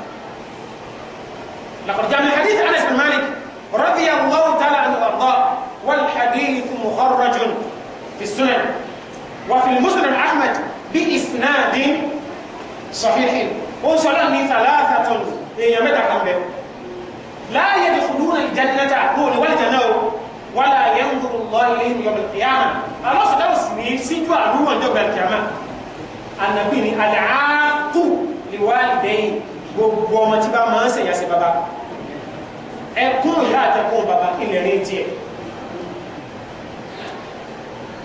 لقد جاء من حديث انس بن مالك رضي الله تعالى عنه وارضاه والحديث مخرج في السنن وفي المسلم احمد باسناد صحيح وصلني ثلاثه يمدى قلبه لا يدخلون الجنه أقول والجنه ولا ينظر الله اليهم يوم القيامه الله سبحانه وتعالى سيجوا عنه يوم القيامه النبي العاق liwalidẹ́yìn gbogbo ọmọ tí bá máa ń sèyàn sí baba ẹkún ìyá àtẹkùn baba ilẹ̀ rẹ̀ tiẹ̀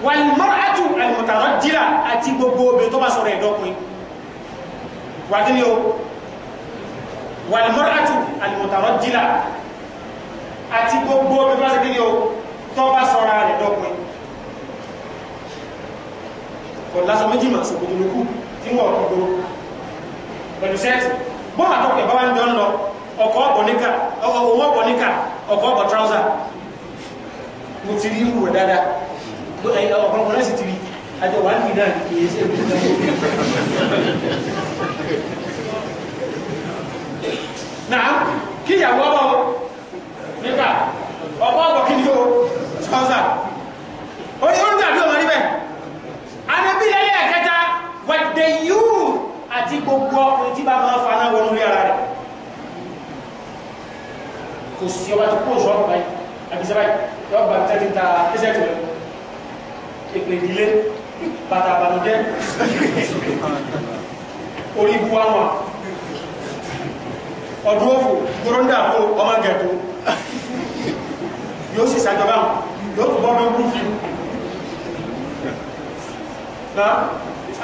wàlmọ́ràtù àlùmọ̀tàrọ́dìrà àti gbogbo obìnrin tó bá sọ̀rọ̀ ẹ̀dọ́kùnrin wà kí ni o wàlmọ́ràtù àlùmọ̀tàrọ́dìrà àti gbogbo obìnrin tó bá sọ̀rọ̀ kí ni o tó bá sọ̀rọ̀ ẹ̀dọ́kùnrin kò lásán méjì mà sọ̀kòtò lókù tí wọ́n kò gbogbo pẹ̀lú sẹ́ẹ̀tì bọ́ọ̀lù àtọ́kọ̀ ìbáwá ń jọ ń lọ ọkọ̀ ọ̀bọ̀ níkà ọwọ́ ọ̀bọ̀ níkà ọkọ̀ ọ̀bọ̀ trouser mo ti rí irú rẹ̀ dáadáa ọ̀pọ̀lọpọ̀ náà sì ti rí àjọ wà ní náà kì í ṣe èmi náà náà kí ìyàwó ọmọ níkà ọkọ̀ ọ̀bọ̀ kí ni ó trouser ó ní ó ń dàbí ọmọ níbẹ̀ àdébí ẹlẹ́ẹ̀kẹta wàdẹ̀yúù àti gbogbo ọkùnrin tí bá máa ń faná wọnú lé ara rẹ̀ kò sí ọba tó kó oṣù ọkùnrin báyìí àbíṣẹ́ báyìí yọ gbà tẹ́tí ta ẹsẹ̀ tó lẹ̀ èpè ìdílé bàtà àbànújẹ́ orí ibu wa wà ọdún òfò gbọ́dọ̀ dàpọ̀ ọmọ gẹ̀ẹ́tò yóò sì ṣàjọba yóò tún bọ́ ọdún kúfì na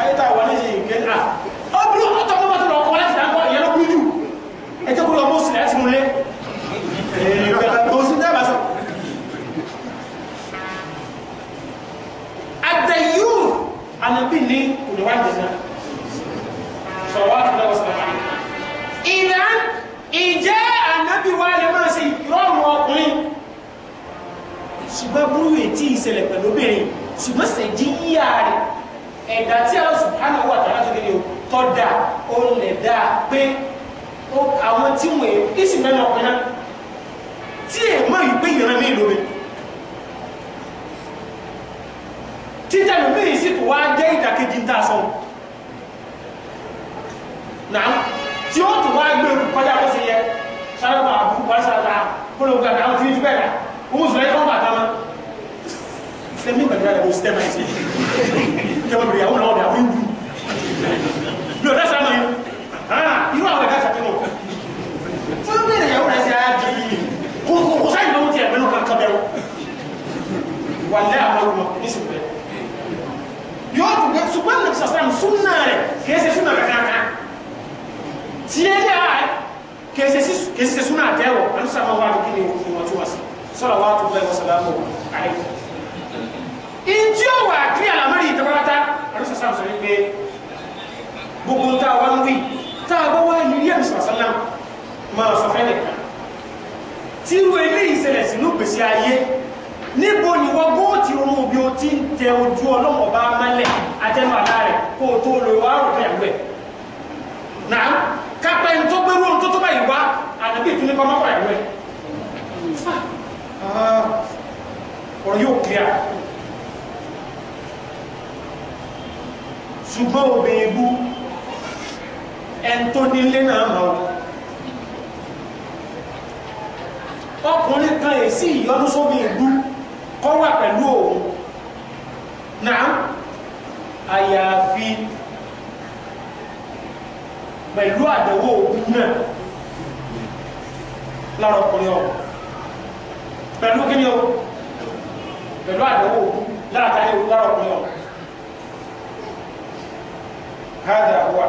ayé tá a ọdún ọtọ tó bá tó lọ kọ láti dáńkọ ìyẹn ló kúrú jù ẹ jẹ́ kó lọ mọ́ sílẹ̀ láti mú lé kò sí dábàá sọ. àdàyù ànábì ní òdòwádìí náà sọ̀rọ̀ àtúndà wọ́n sọ̀rọ̀ àná. ìdá ìjẹ́ ànábì wa lè máa ṣe ìrọ̀rùn ọkùnrin ṣùgbọ́n burú ètí ìṣẹ̀lẹ̀ pẹ̀lú obìnrin ṣùgbọ́n ṣèjì yíyá rẹ̀ ẹ̀dá tí àwọn sùkánà wà tó láti gbélé o tọ́ da ó lè dá a pé àwọn tí wọ́n èé ìsìn mẹ́rin ọ̀pẹ́ náà tí ẹ̀ mọ́ ìgbé ìran mi lómi títẹ̀ lómi yìí sì tó wá jẹ́ ìdàkejì ń tà sọ náà tí ó tó wá gbé kọjá kó sì yẹ sáré bá àbúrò wá sáré bá kólóhùn gàdá àwọn tí ń jubẹ̀ dà ó mú sùlẹ̀ kọ́ bàtà mọ́. Fẹ́mi gbàdúrà rẹ̀ ló sítẹ́ máa ń ṣe kẹmọ̀bìrì àwọn ọ̀nà ọ̀dà wíwú bí ọ̀dá sáà mọ̀ irú àwọn ẹ̀dá sàkínú fún bẹ̀rẹ̀ ìyàwó rẹ̀ sí ààjì yìí kò sáà ìlú ti ẹ̀mẹ́nu kankan bẹ̀rù wà lẹ́ àwọn olùmọ̀ nísìnyí bẹ̀ yóò tún bẹ ṣùgbọ́n ní sàsàm súnà rẹ̀ kẹsẹ̀ súnà rẹ̀ kankan tí ẹ tí ó wà kí àlàmọ́rí ìtàbátá àrùsà sáà sọ wípé gbogbo tá a wá ń wí tá a bá wá ní rí àmì sàlám máa sọ fẹ́ nìkan tí irú eléyìí ṣẹlẹ̀ sínú gbèsè ni wọ́n gbóòtì ronú bí o ti ń tẹ ojú ọlọ́mọ bá mọ́lẹ̀ àtẹnu àlá rẹ̀ kó o tó lò wá tó tó tó báyìí wá àdàbí ìtúnikọ́ mọ́kànlá ìwé ah, ọ̀rọ̀ yóò kíá ṣùgbọ́n obìnrin bú ẹni tó nílé náà lọ ọkùnrin kan èsì ìyọnu sómi ìlú kọ́ wà pẹ̀lú òun náà àyàfi pẹ̀lú àdánwò òun náà lára ọkùnrin ọ̀hún pẹ̀lú kí ni o pẹ̀lú àdánwò òun lára tàbí òun lára ọkùnrin ọ̀hún هذا هو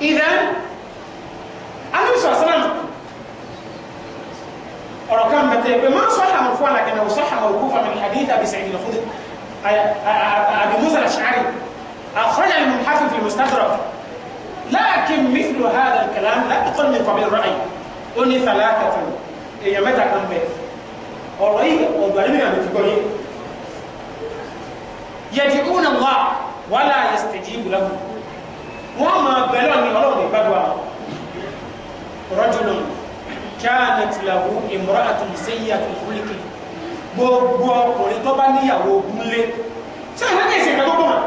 إذا النبي صلى الله عليه وسلم أركان متى ما صح مرفوعا لكنه صح موقوفا من حديث أبي سعيد الخدري أبي موسى الأشعري أخرج المنحاف في المستدرك لكن مثل هذا الكلام لا تقل من قبل الرأي قل ثلاثة هي إيه، متى كان bẹ̀ ọ̀rọ̀ yìí ọ̀gbà nínú àmì ti gbọ́ yìí yẹ̀dì wọ́n máa bẹ̀rẹ̀ ní ọlọ́run ìgbàgbọ́ àwọn rọ́júlùn kíáàna tìlàwó ìmọ̀ràn àtúnṣeyí àtúnfúlìkì gbogbo ọkùnrin tó bá níyàwó gúnlé ṣé ìlú ní ìsìnkà gbogbo wọn.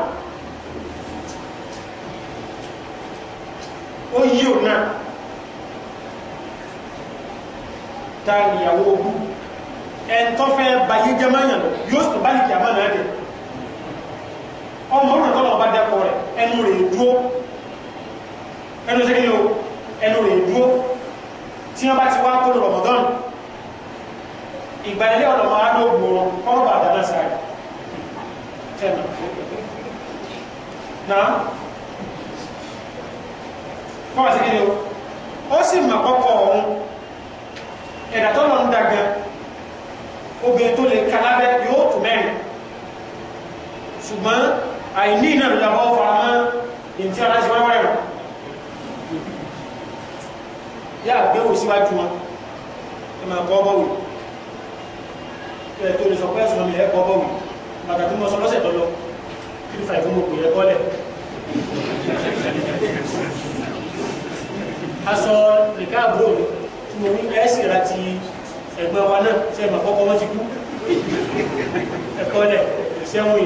ó yí ò náà ta níyàwó ogún ẹ̀ńtọ́fẹ́ bayéjẹ́ máa yàn lọ yóò sì bá nìkìá máa náà dé ọmọ òrùn tó lọ bá dẹ́kọ̀ rẹ̀ ẹnu rẹ̀ dúró ẹnu sí nílò ẹnu rẹ̀ dúó tí wọ́n bá ti wá kóró rọmọdán ìgbà ilé ọ̀nà máa ló gbò wọn kọ́ bá dáná sáré tẹ́nà náà kọ́ sí nílò ó sì mà kọ́kọ́ ọ̀hún ẹ̀dà tó lọ ń dàgbà obìnrin tó lè kalábẹ́ yóò tún mẹ́rin ṣùgbọ́n àìní náà lọ́wọ́ fara mọ́ ìtí aláṣẹ wáyé wáyé yá àgbéwò síwájú wọn ẹ máa kọ́ bọ́wì ẹ tó lè sọ pé ẹ̀sùn mi ẹ kọ́ bọ́wì bàtà tí mo sọ lọ́sẹ̀ tọ́lọ kí ló fà ìfowópamọ́ kò yẹ kọ́lẹ̀ aṣọ nìka àbúrò mi tí mo wí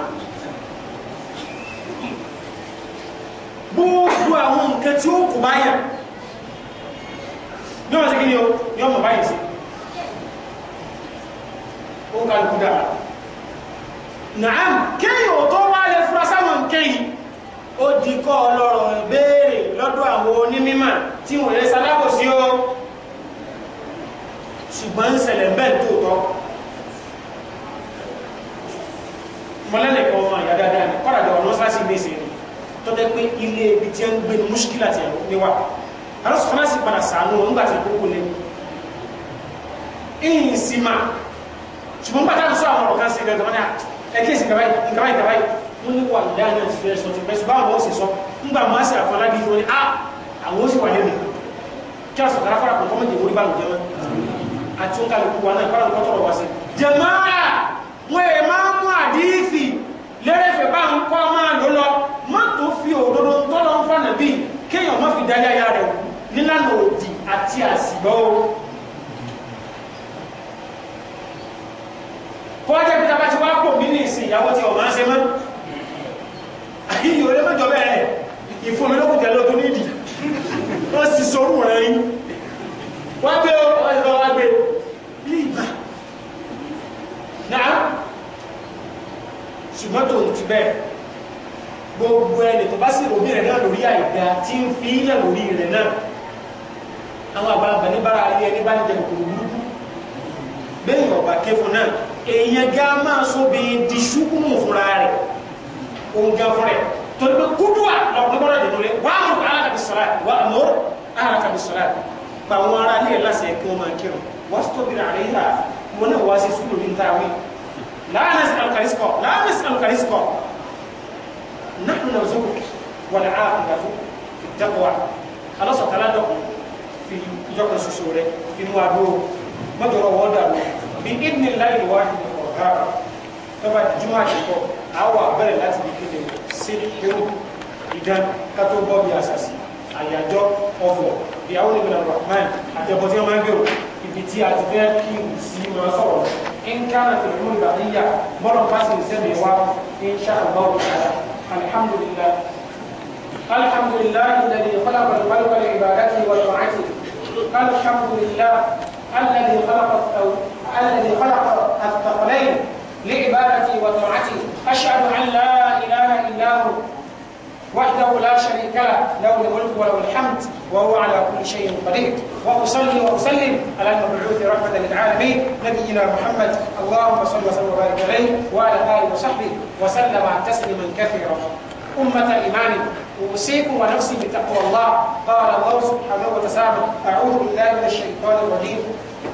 àwọn nǹkan tí ó kò bá yà ní ọ̀sẹ̀ kí ni ó ní ọmọ báyìí sí ó kálukú dára nàám kéyìn ò tó wá lè fura sáwọn kéyìn ó di kọ́ ọlọ́rọ̀ béèrè lọ́dọ̀ àwọn onímímọ̀ tí wọ́n lè salábòsí ó ṣùgbọ́n ń ṣẹlẹ̀ bẹ́ẹ̀ tóòtọ́ mọ́lẹ́lẹ̀kọ́ ọmọ ìyá dáadáa kọ́dàjọ́ ọ̀nà tọ́jẹ́ pé ilé ibi tí ń gbé ní múṣkìlá ti ẹ̀rọ níwà alóso fana sì padà sàánú wọn nígbà tí ó kó lé ìyìn sí ma ṣùgbọ́n bàtà ń sọ àwọn ọ̀rọ̀ kan sí ilẹ̀ tọ́mọ́ni ẹ̀kíyèsí kaba yìí nkaba yìí kaba yìí wọ́n ní wà láàyè ti fẹ́ sọ ti pẹ́ ṣùgbọ́n àwọn ọ̀sẹ̀ sọ ńgbà máa ṣe àfọlá bí ìfọ́ni a àwọn oṣù wà lẹ́nu kí a sọ kára fara kò kọ́mọ̀ dé orí báwo jẹ́mọ́ àti ó ń kálukú wa náà kọ́ra kọ́tọ̀rọ̀ wá sí jẹ́mọ́ lẹ́rẹ̀fẹ̀ bá ń kọ́ máa lò lọ má tó fi òdodo tọ́lọ́ ń fànà bíi kéèyàn má fi dáyà ya rẹ̀ nílànà òdì àti àsìgbọ́ o. kọ́jà pété bá ti wá pò mí ní ìsìn ìyàwó tí ọ̀gá ń ṣe mọ́ àyíyí olè mẹ́jọ bẹ́ẹ̀ ìfúnmi ló kù tẹ̀ lọ́dún nídìí wọ́n sì sọ́rù rẹ̀ yín wọ́n gbé ọ̀gá wọ́n gbé bí ìgbà náà ṣùgbọ́n tó ti bẹ́ẹ̀ gbogbo ẹni tó bá sì rò bí rẹ̀ náà lórí àìdá tí ń fi ilẹ̀ lórí rẹ̀ náà àwọn àgbàlagbà ní bára ayé ẹni bá ń jẹ kòkòrò burúkú bẹ́ẹ̀ ọ̀bà ké fún náà èèyàn ga máa so bí di ṣúkúmù fúnra rẹ̀ òun ga fún rẹ̀ torí pé kúdùà lọ́gbọ́n dẹ̀ lórí wà á mú alákàbí sọ̀rọ̀ wà á mọ̀rọ̀ alákàbí sọ̀rọ̀ pa àwọn ará ilé láṣẹ kí wọ́n máa kírun wọ́n sì لا نسألك رزقا لا نسألك رزقا نحن نرزقك والعاقبة في التقوى الله سبحانه في جبل سسورة في نوادو ما جرى ودارو بإذن الله الواحد القهار طبعا الجمعة تقول أو أقبل الله تبكي سيكون إذن كتب بأساسي àyájọ́ ọ̀fọ̀ ìyàwó nìbìnà rahman àti ọ̀pọ̀ tí wọ́n máa ń gbèrò ibi tí a ti fẹ́ kí sí máa sọ̀rọ̀ nǹkan tó ń gbà níyà bọ́lọ̀ bá sì ń sẹ́mi wá insha Allah ta'ala alhamdulillah alhamdulillah alladhi khalaqa al-qalba li ibadati wa ta'ati alhamdulillah alladhi khalaqa alladhi khalaqa الثقلين لعبادتي وطاعتي أشهد أن لا إله إلا هو وحده لا شريك له له الملك وله الحمد وهو على كل شيء قدير واصلي واسلم على المبعوث رحمه للعالمين نبينا محمد اللهم صل وسلم وبارك عليه وعلى اله وصحبه وسلم تسليما كثيرا أمة الإيمان أوصيكم ونفسي بتقوى الله قال الله سبحانه وتعالى أعوذ بالله من الشيطان الرجيم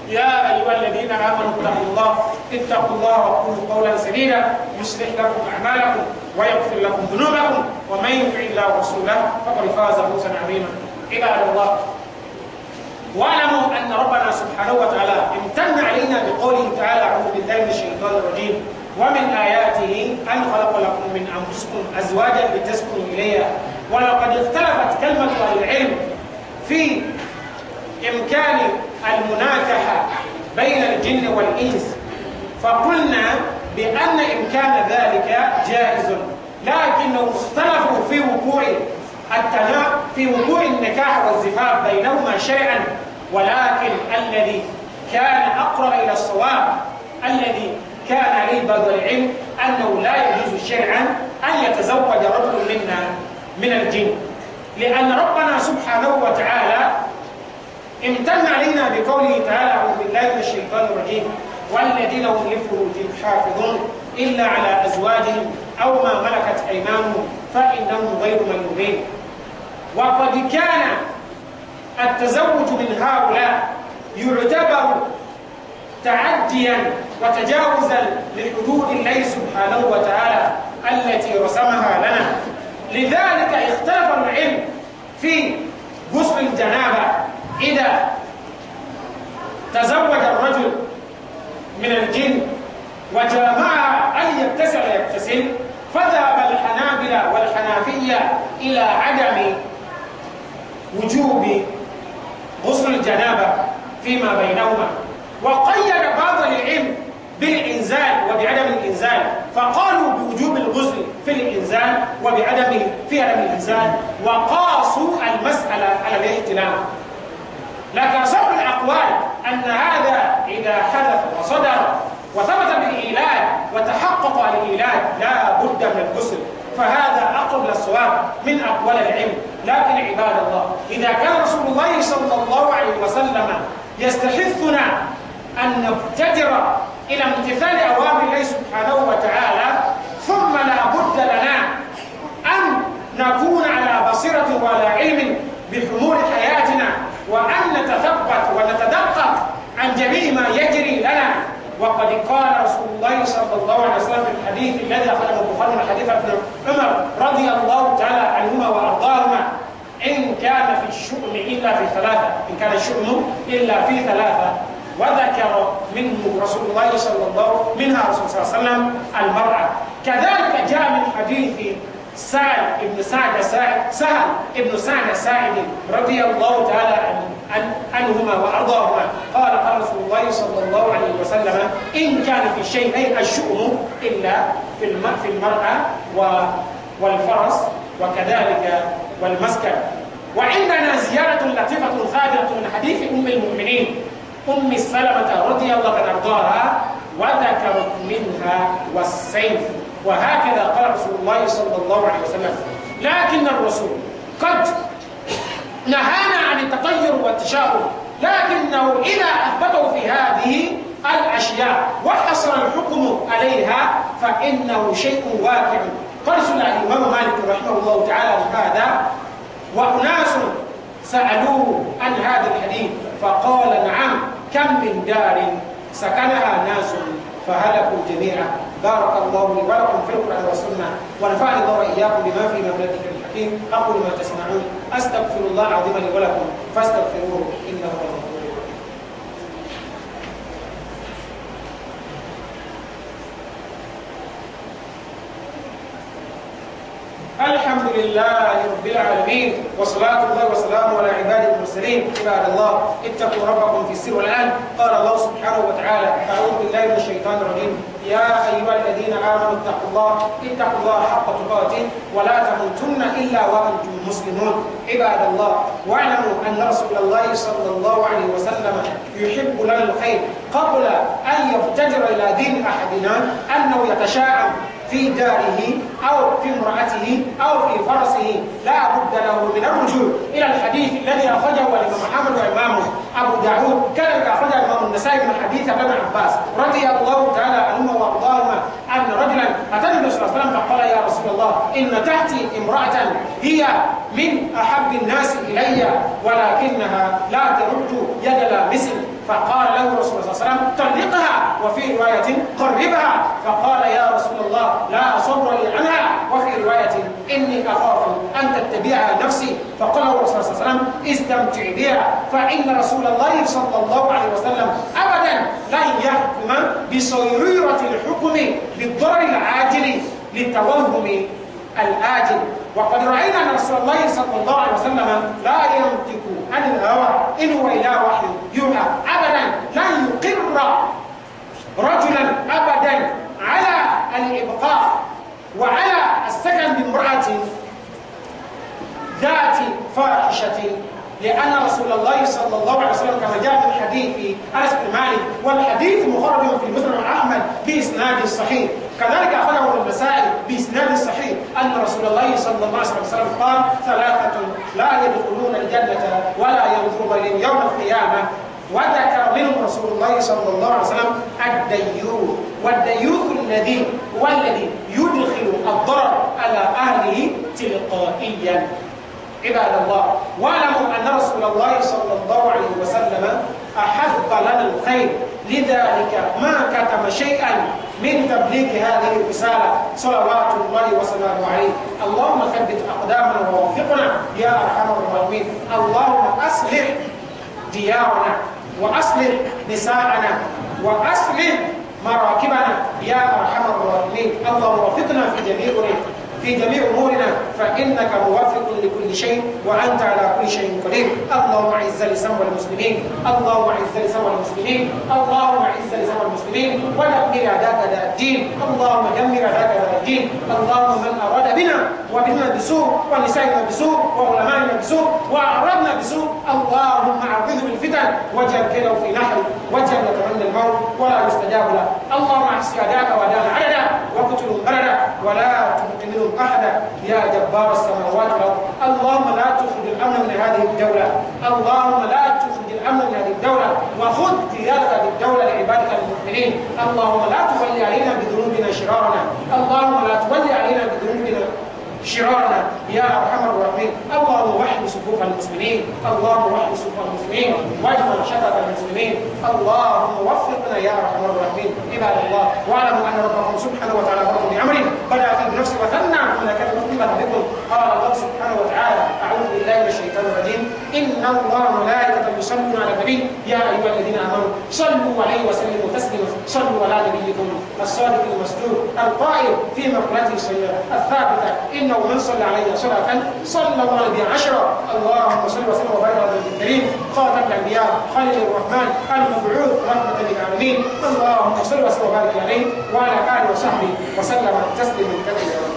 يا أيها الذين آمنوا اتقوا الله اتقوا الله وقولوا قولا سديدا يصلح لكم أعمالكم ويغفر لكم ذنوبكم ومن يطع الله ورسوله فقد فاز فوزا عظيما عباد الله واعلموا ان ربنا سبحانه وتعالى امتن علينا بقوله تعالى اعوذ بالله من الشيطان الرجيم ومن اياته ان خلق لكم من انفسكم ازواجا لتسكنوا اليها ولقد اختلفت كلمه اهل العلم في امكان المناكحه بين الجن والانس فقلنا بأن إمكان ذلك جائز لكنهم اختلفوا في وقوع التناق في وقوع النكاح والزفاف بينهما شيئا ولكن الذي كان أقرب إلى الصواب الذي كان عليه بعض العلم أنه لا يجوز شرعا أن يتزوج رجل منا من الجن لأن ربنا سبحانه وتعالى امتن علينا بقوله تعالى أعوذ بالله من الشيطان الرجيم والذين هم لفروجهم حافظون إلا على أزواجهم أو ما ملكت أيمانهم فإنهم غير ملومين وقد كان التزوج من هؤلاء يعتبر تعديا وتجاوزا لحدود الله سبحانه وتعالى التي رسمها لنا لذلك اختلف العلم في غسل الجنابه اذا تزوج الرجل من الجن وجامع أن يبتسم يبتسم فذهب الحنابلة والحنافية إلى عدم وجوب غسل الجنابة فيما بينهما وقيد بعض العلم بالإنزال وبعدم الإنزال فقالوا بوجوب الغسل في الإنزال وبعدمه في عدم الإنزال وقاسوا المسألة على الاحتلام لكن صح الأقوال أن هذا إذا حدث وصدر وثبت بالإيلاد وتحقق الإيلاد لا بد من الغسل فهذا أقرب للصواب من أقوال العلم لكن عباد الله إذا كان رسول الله صلى الله عليه وسلم يستحثنا أن نبتدر إلى امتثال أوامر الله سبحانه وتعالى ثم لا بد لنا أن نكون على بصيرة وعلى علم بحمول حياتنا وأن نتثبت ونتدقق عن جميع ما يجري لنا وقد قال رسول الله صلى الله عليه وسلم في الحديث الذي أخرجه البخاري من حديث ابن عمر رضي الله تعالى عنهما وأرضاهما إن كان في الشؤم إلا في ثلاثة إن كان الشؤم إلا في ثلاثة وذكر منه رسول الله صلى الله منها رسول الله صلى الله عليه وسلم المرأة كذلك جاء من حديث سعد ابن سعد سعد سهل ابن سعد سعد رضي الله تعالى عنهما وارضاهما قال قال رسول الله صلى الله عليه وسلم ان كان في شيء الشؤم الا في في المراه والفرس وكذلك والمسكن وعندنا زياره لطيفه خادره من حديث ام المؤمنين ام سلمه رضي الله عنها وذكرت منها والسيف وهكذا قال رسول الله صلى الله عليه وسلم لكن الرسول قد نهانا عن التطير والتشاؤم لكنه إذا أثبته في هذه الأشياء وحصل الحكم عليها فإنه شيء واقع قال سنة الإمام مالك رحمه الله تعالى هذا وأناس سألوه عن هذا الحديث فقال نعم كم من دار سكنها ناس فهلكوا جميعا بارك الله لي ولكم في القرآن والسنة ونفعني الله وإياكم بما في مولاتك الحكيم أقول ما تسمعون أستغفر الله العظيم لي ولكم فاستغفروه إنه الله الحمد لله رب العالمين وصلاة الله وسلامه على عباد المرسلين عباد الله اتقوا ربكم في السر والآن قال الله سبحانه وتعالى أعوذ بالله من الشيطان الرجيم يا أيها الذين آمنوا اتقوا الله اتقوا الله حق تقاته ولا تموتن إلا وأنتم مسلمون عباد الله واعلموا أن رسول الله صلى الله عليه وسلم يحب لنا الخير قبل أن يفتجر إلى دين أحدنا أنه يتشاءم في داره أو في امرأته أو في فرسه لا بد له من الرجوع إلى الحديث الذي أخرجه الإمام محمد وإمامه أبو داود كان أخرج الإمام النسائي من حديث ابن عباس رضي الله تعالى عنهما وأرضاهما أن رجلا أتى النبي صلى الله عليه وسلم فقال يا رسول الله إن تأتي امرأة هي من أحب الناس إلي ولكنها لا ترد يد لامس فقال له رسول الله صلى الله عليه وسلم طلقها وفي رواية قربها فقال يا رسول الله لا أصبر لي عنها وفي رواية إني أخاف أن تتبعها نفسي فقال الرسول صلى الله عليه وسلم استمتع بها فإن رسول الله صلى الله عليه وسلم أبدا لن يحكم بصيرورة الحكم للضرر العاجل للتوهم الآجل وقد رأينا أن رسول الله صلى الله عليه وسلم لا ينطق عن الهوى إن هو إلا وحي يوحى أبدا لن يقر رجلا أبدا على الإبقاء وعلى السكن بامرأة ذات فاحشة لأن رسول الله صلى الله عليه وسلم كما جاء في الحديث أنس بن مالك والحديث مخرج في مسلم أحمد بإسناد صحيح كذلك أخرجه ابن النسائي بإسناد صحيح أن رسول الله صلى الله عليه وسلم قال ثلاثة لا يدخلون الجنة ولا ينظر إليهم يوم القيامة وذكر منهم رسول الله صلى الله عليه وسلم الديوث والديوث الذي هو الذي يدخل الضرر على أهله تلقائيا عباد الله واعلموا أن رسول الله صلى الله عليه وسلم أحب لنا الخير لذلك ما كتم شيئا من تبليغ هذه الرسالة صلوات الله وسلامه عليه اللهم ثبت أقدامنا ووفقنا يا أرحم الراحمين اللهم أصلح ديارنا وأصلح نساءنا وأصلح مراكبنا يا أرحم الراحمين اللهم وفقنا في جميع في جميع أمورنا فإنك موافق لكل شيء وأنت على كل شيء قدير اللهم أعز الإسلام والمسلمين اللهم أعز الإسلام والمسلمين اللهم أعز الإسلام والمسلمين ودمر أعداءك أعداء الدين اللهم دمر أعداءك أعداء الدين اللهم من أراد بنا وبنا بسوء ونسائنا بسوء وعلمائنا بسوء وأعرابنا بسوء اللهم أعوذ بالفتن واجعل كيده في نحر وجب يتمنى الموت ولا يستجاب له اللهم احسن أعداءك وأعداءنا عددا واقتلهم القرد ولا تبق منهم أحدا يا جبار السماوات والأرض اللهم لا تخرج الأمن من هذه الدولة اللهم لا تخرج الأمن من هذه الدولة وخذ قيادة هذه الدولة لعبادك المؤمنين اللهم لا تولي علينا بذنوبنا شرارنا اللهم لا تولي علينا بذنوبنا شعارنا يا أرحم الراحمين اللهم وحد صفوف المسلمين اللهم وحد صفوف المسلمين واجمع شتات المسلمين اللهم وفقنا يا أرحم الراحمين عباد الله واعلموا أن ربكم سبحانه وتعالى أمر بامره بدأ في النفس وثنى ولكن كلمة بكم قال الله سبحانه وتعالى أعوذ بالله من الشيطان الرجيم إن الله ملائكته يصلون على النبي يا أيها الذين آمنوا صلوا عليه وسلموا تسليما صلوا على نبيكم الصادق المسجود القائل في مقلته السيئة الثابتة إنه من صلى عليه صلاة صلى الله عليه عشرة اللهم صل وسلم وبارك على النبي الكريم خاتم الأنبياء خليل الرحمن المبعوث رحمة للعالمين اللهم صل وسلم وبارك عليه وعلى آله وصحبه وسلم تسليما كثيرا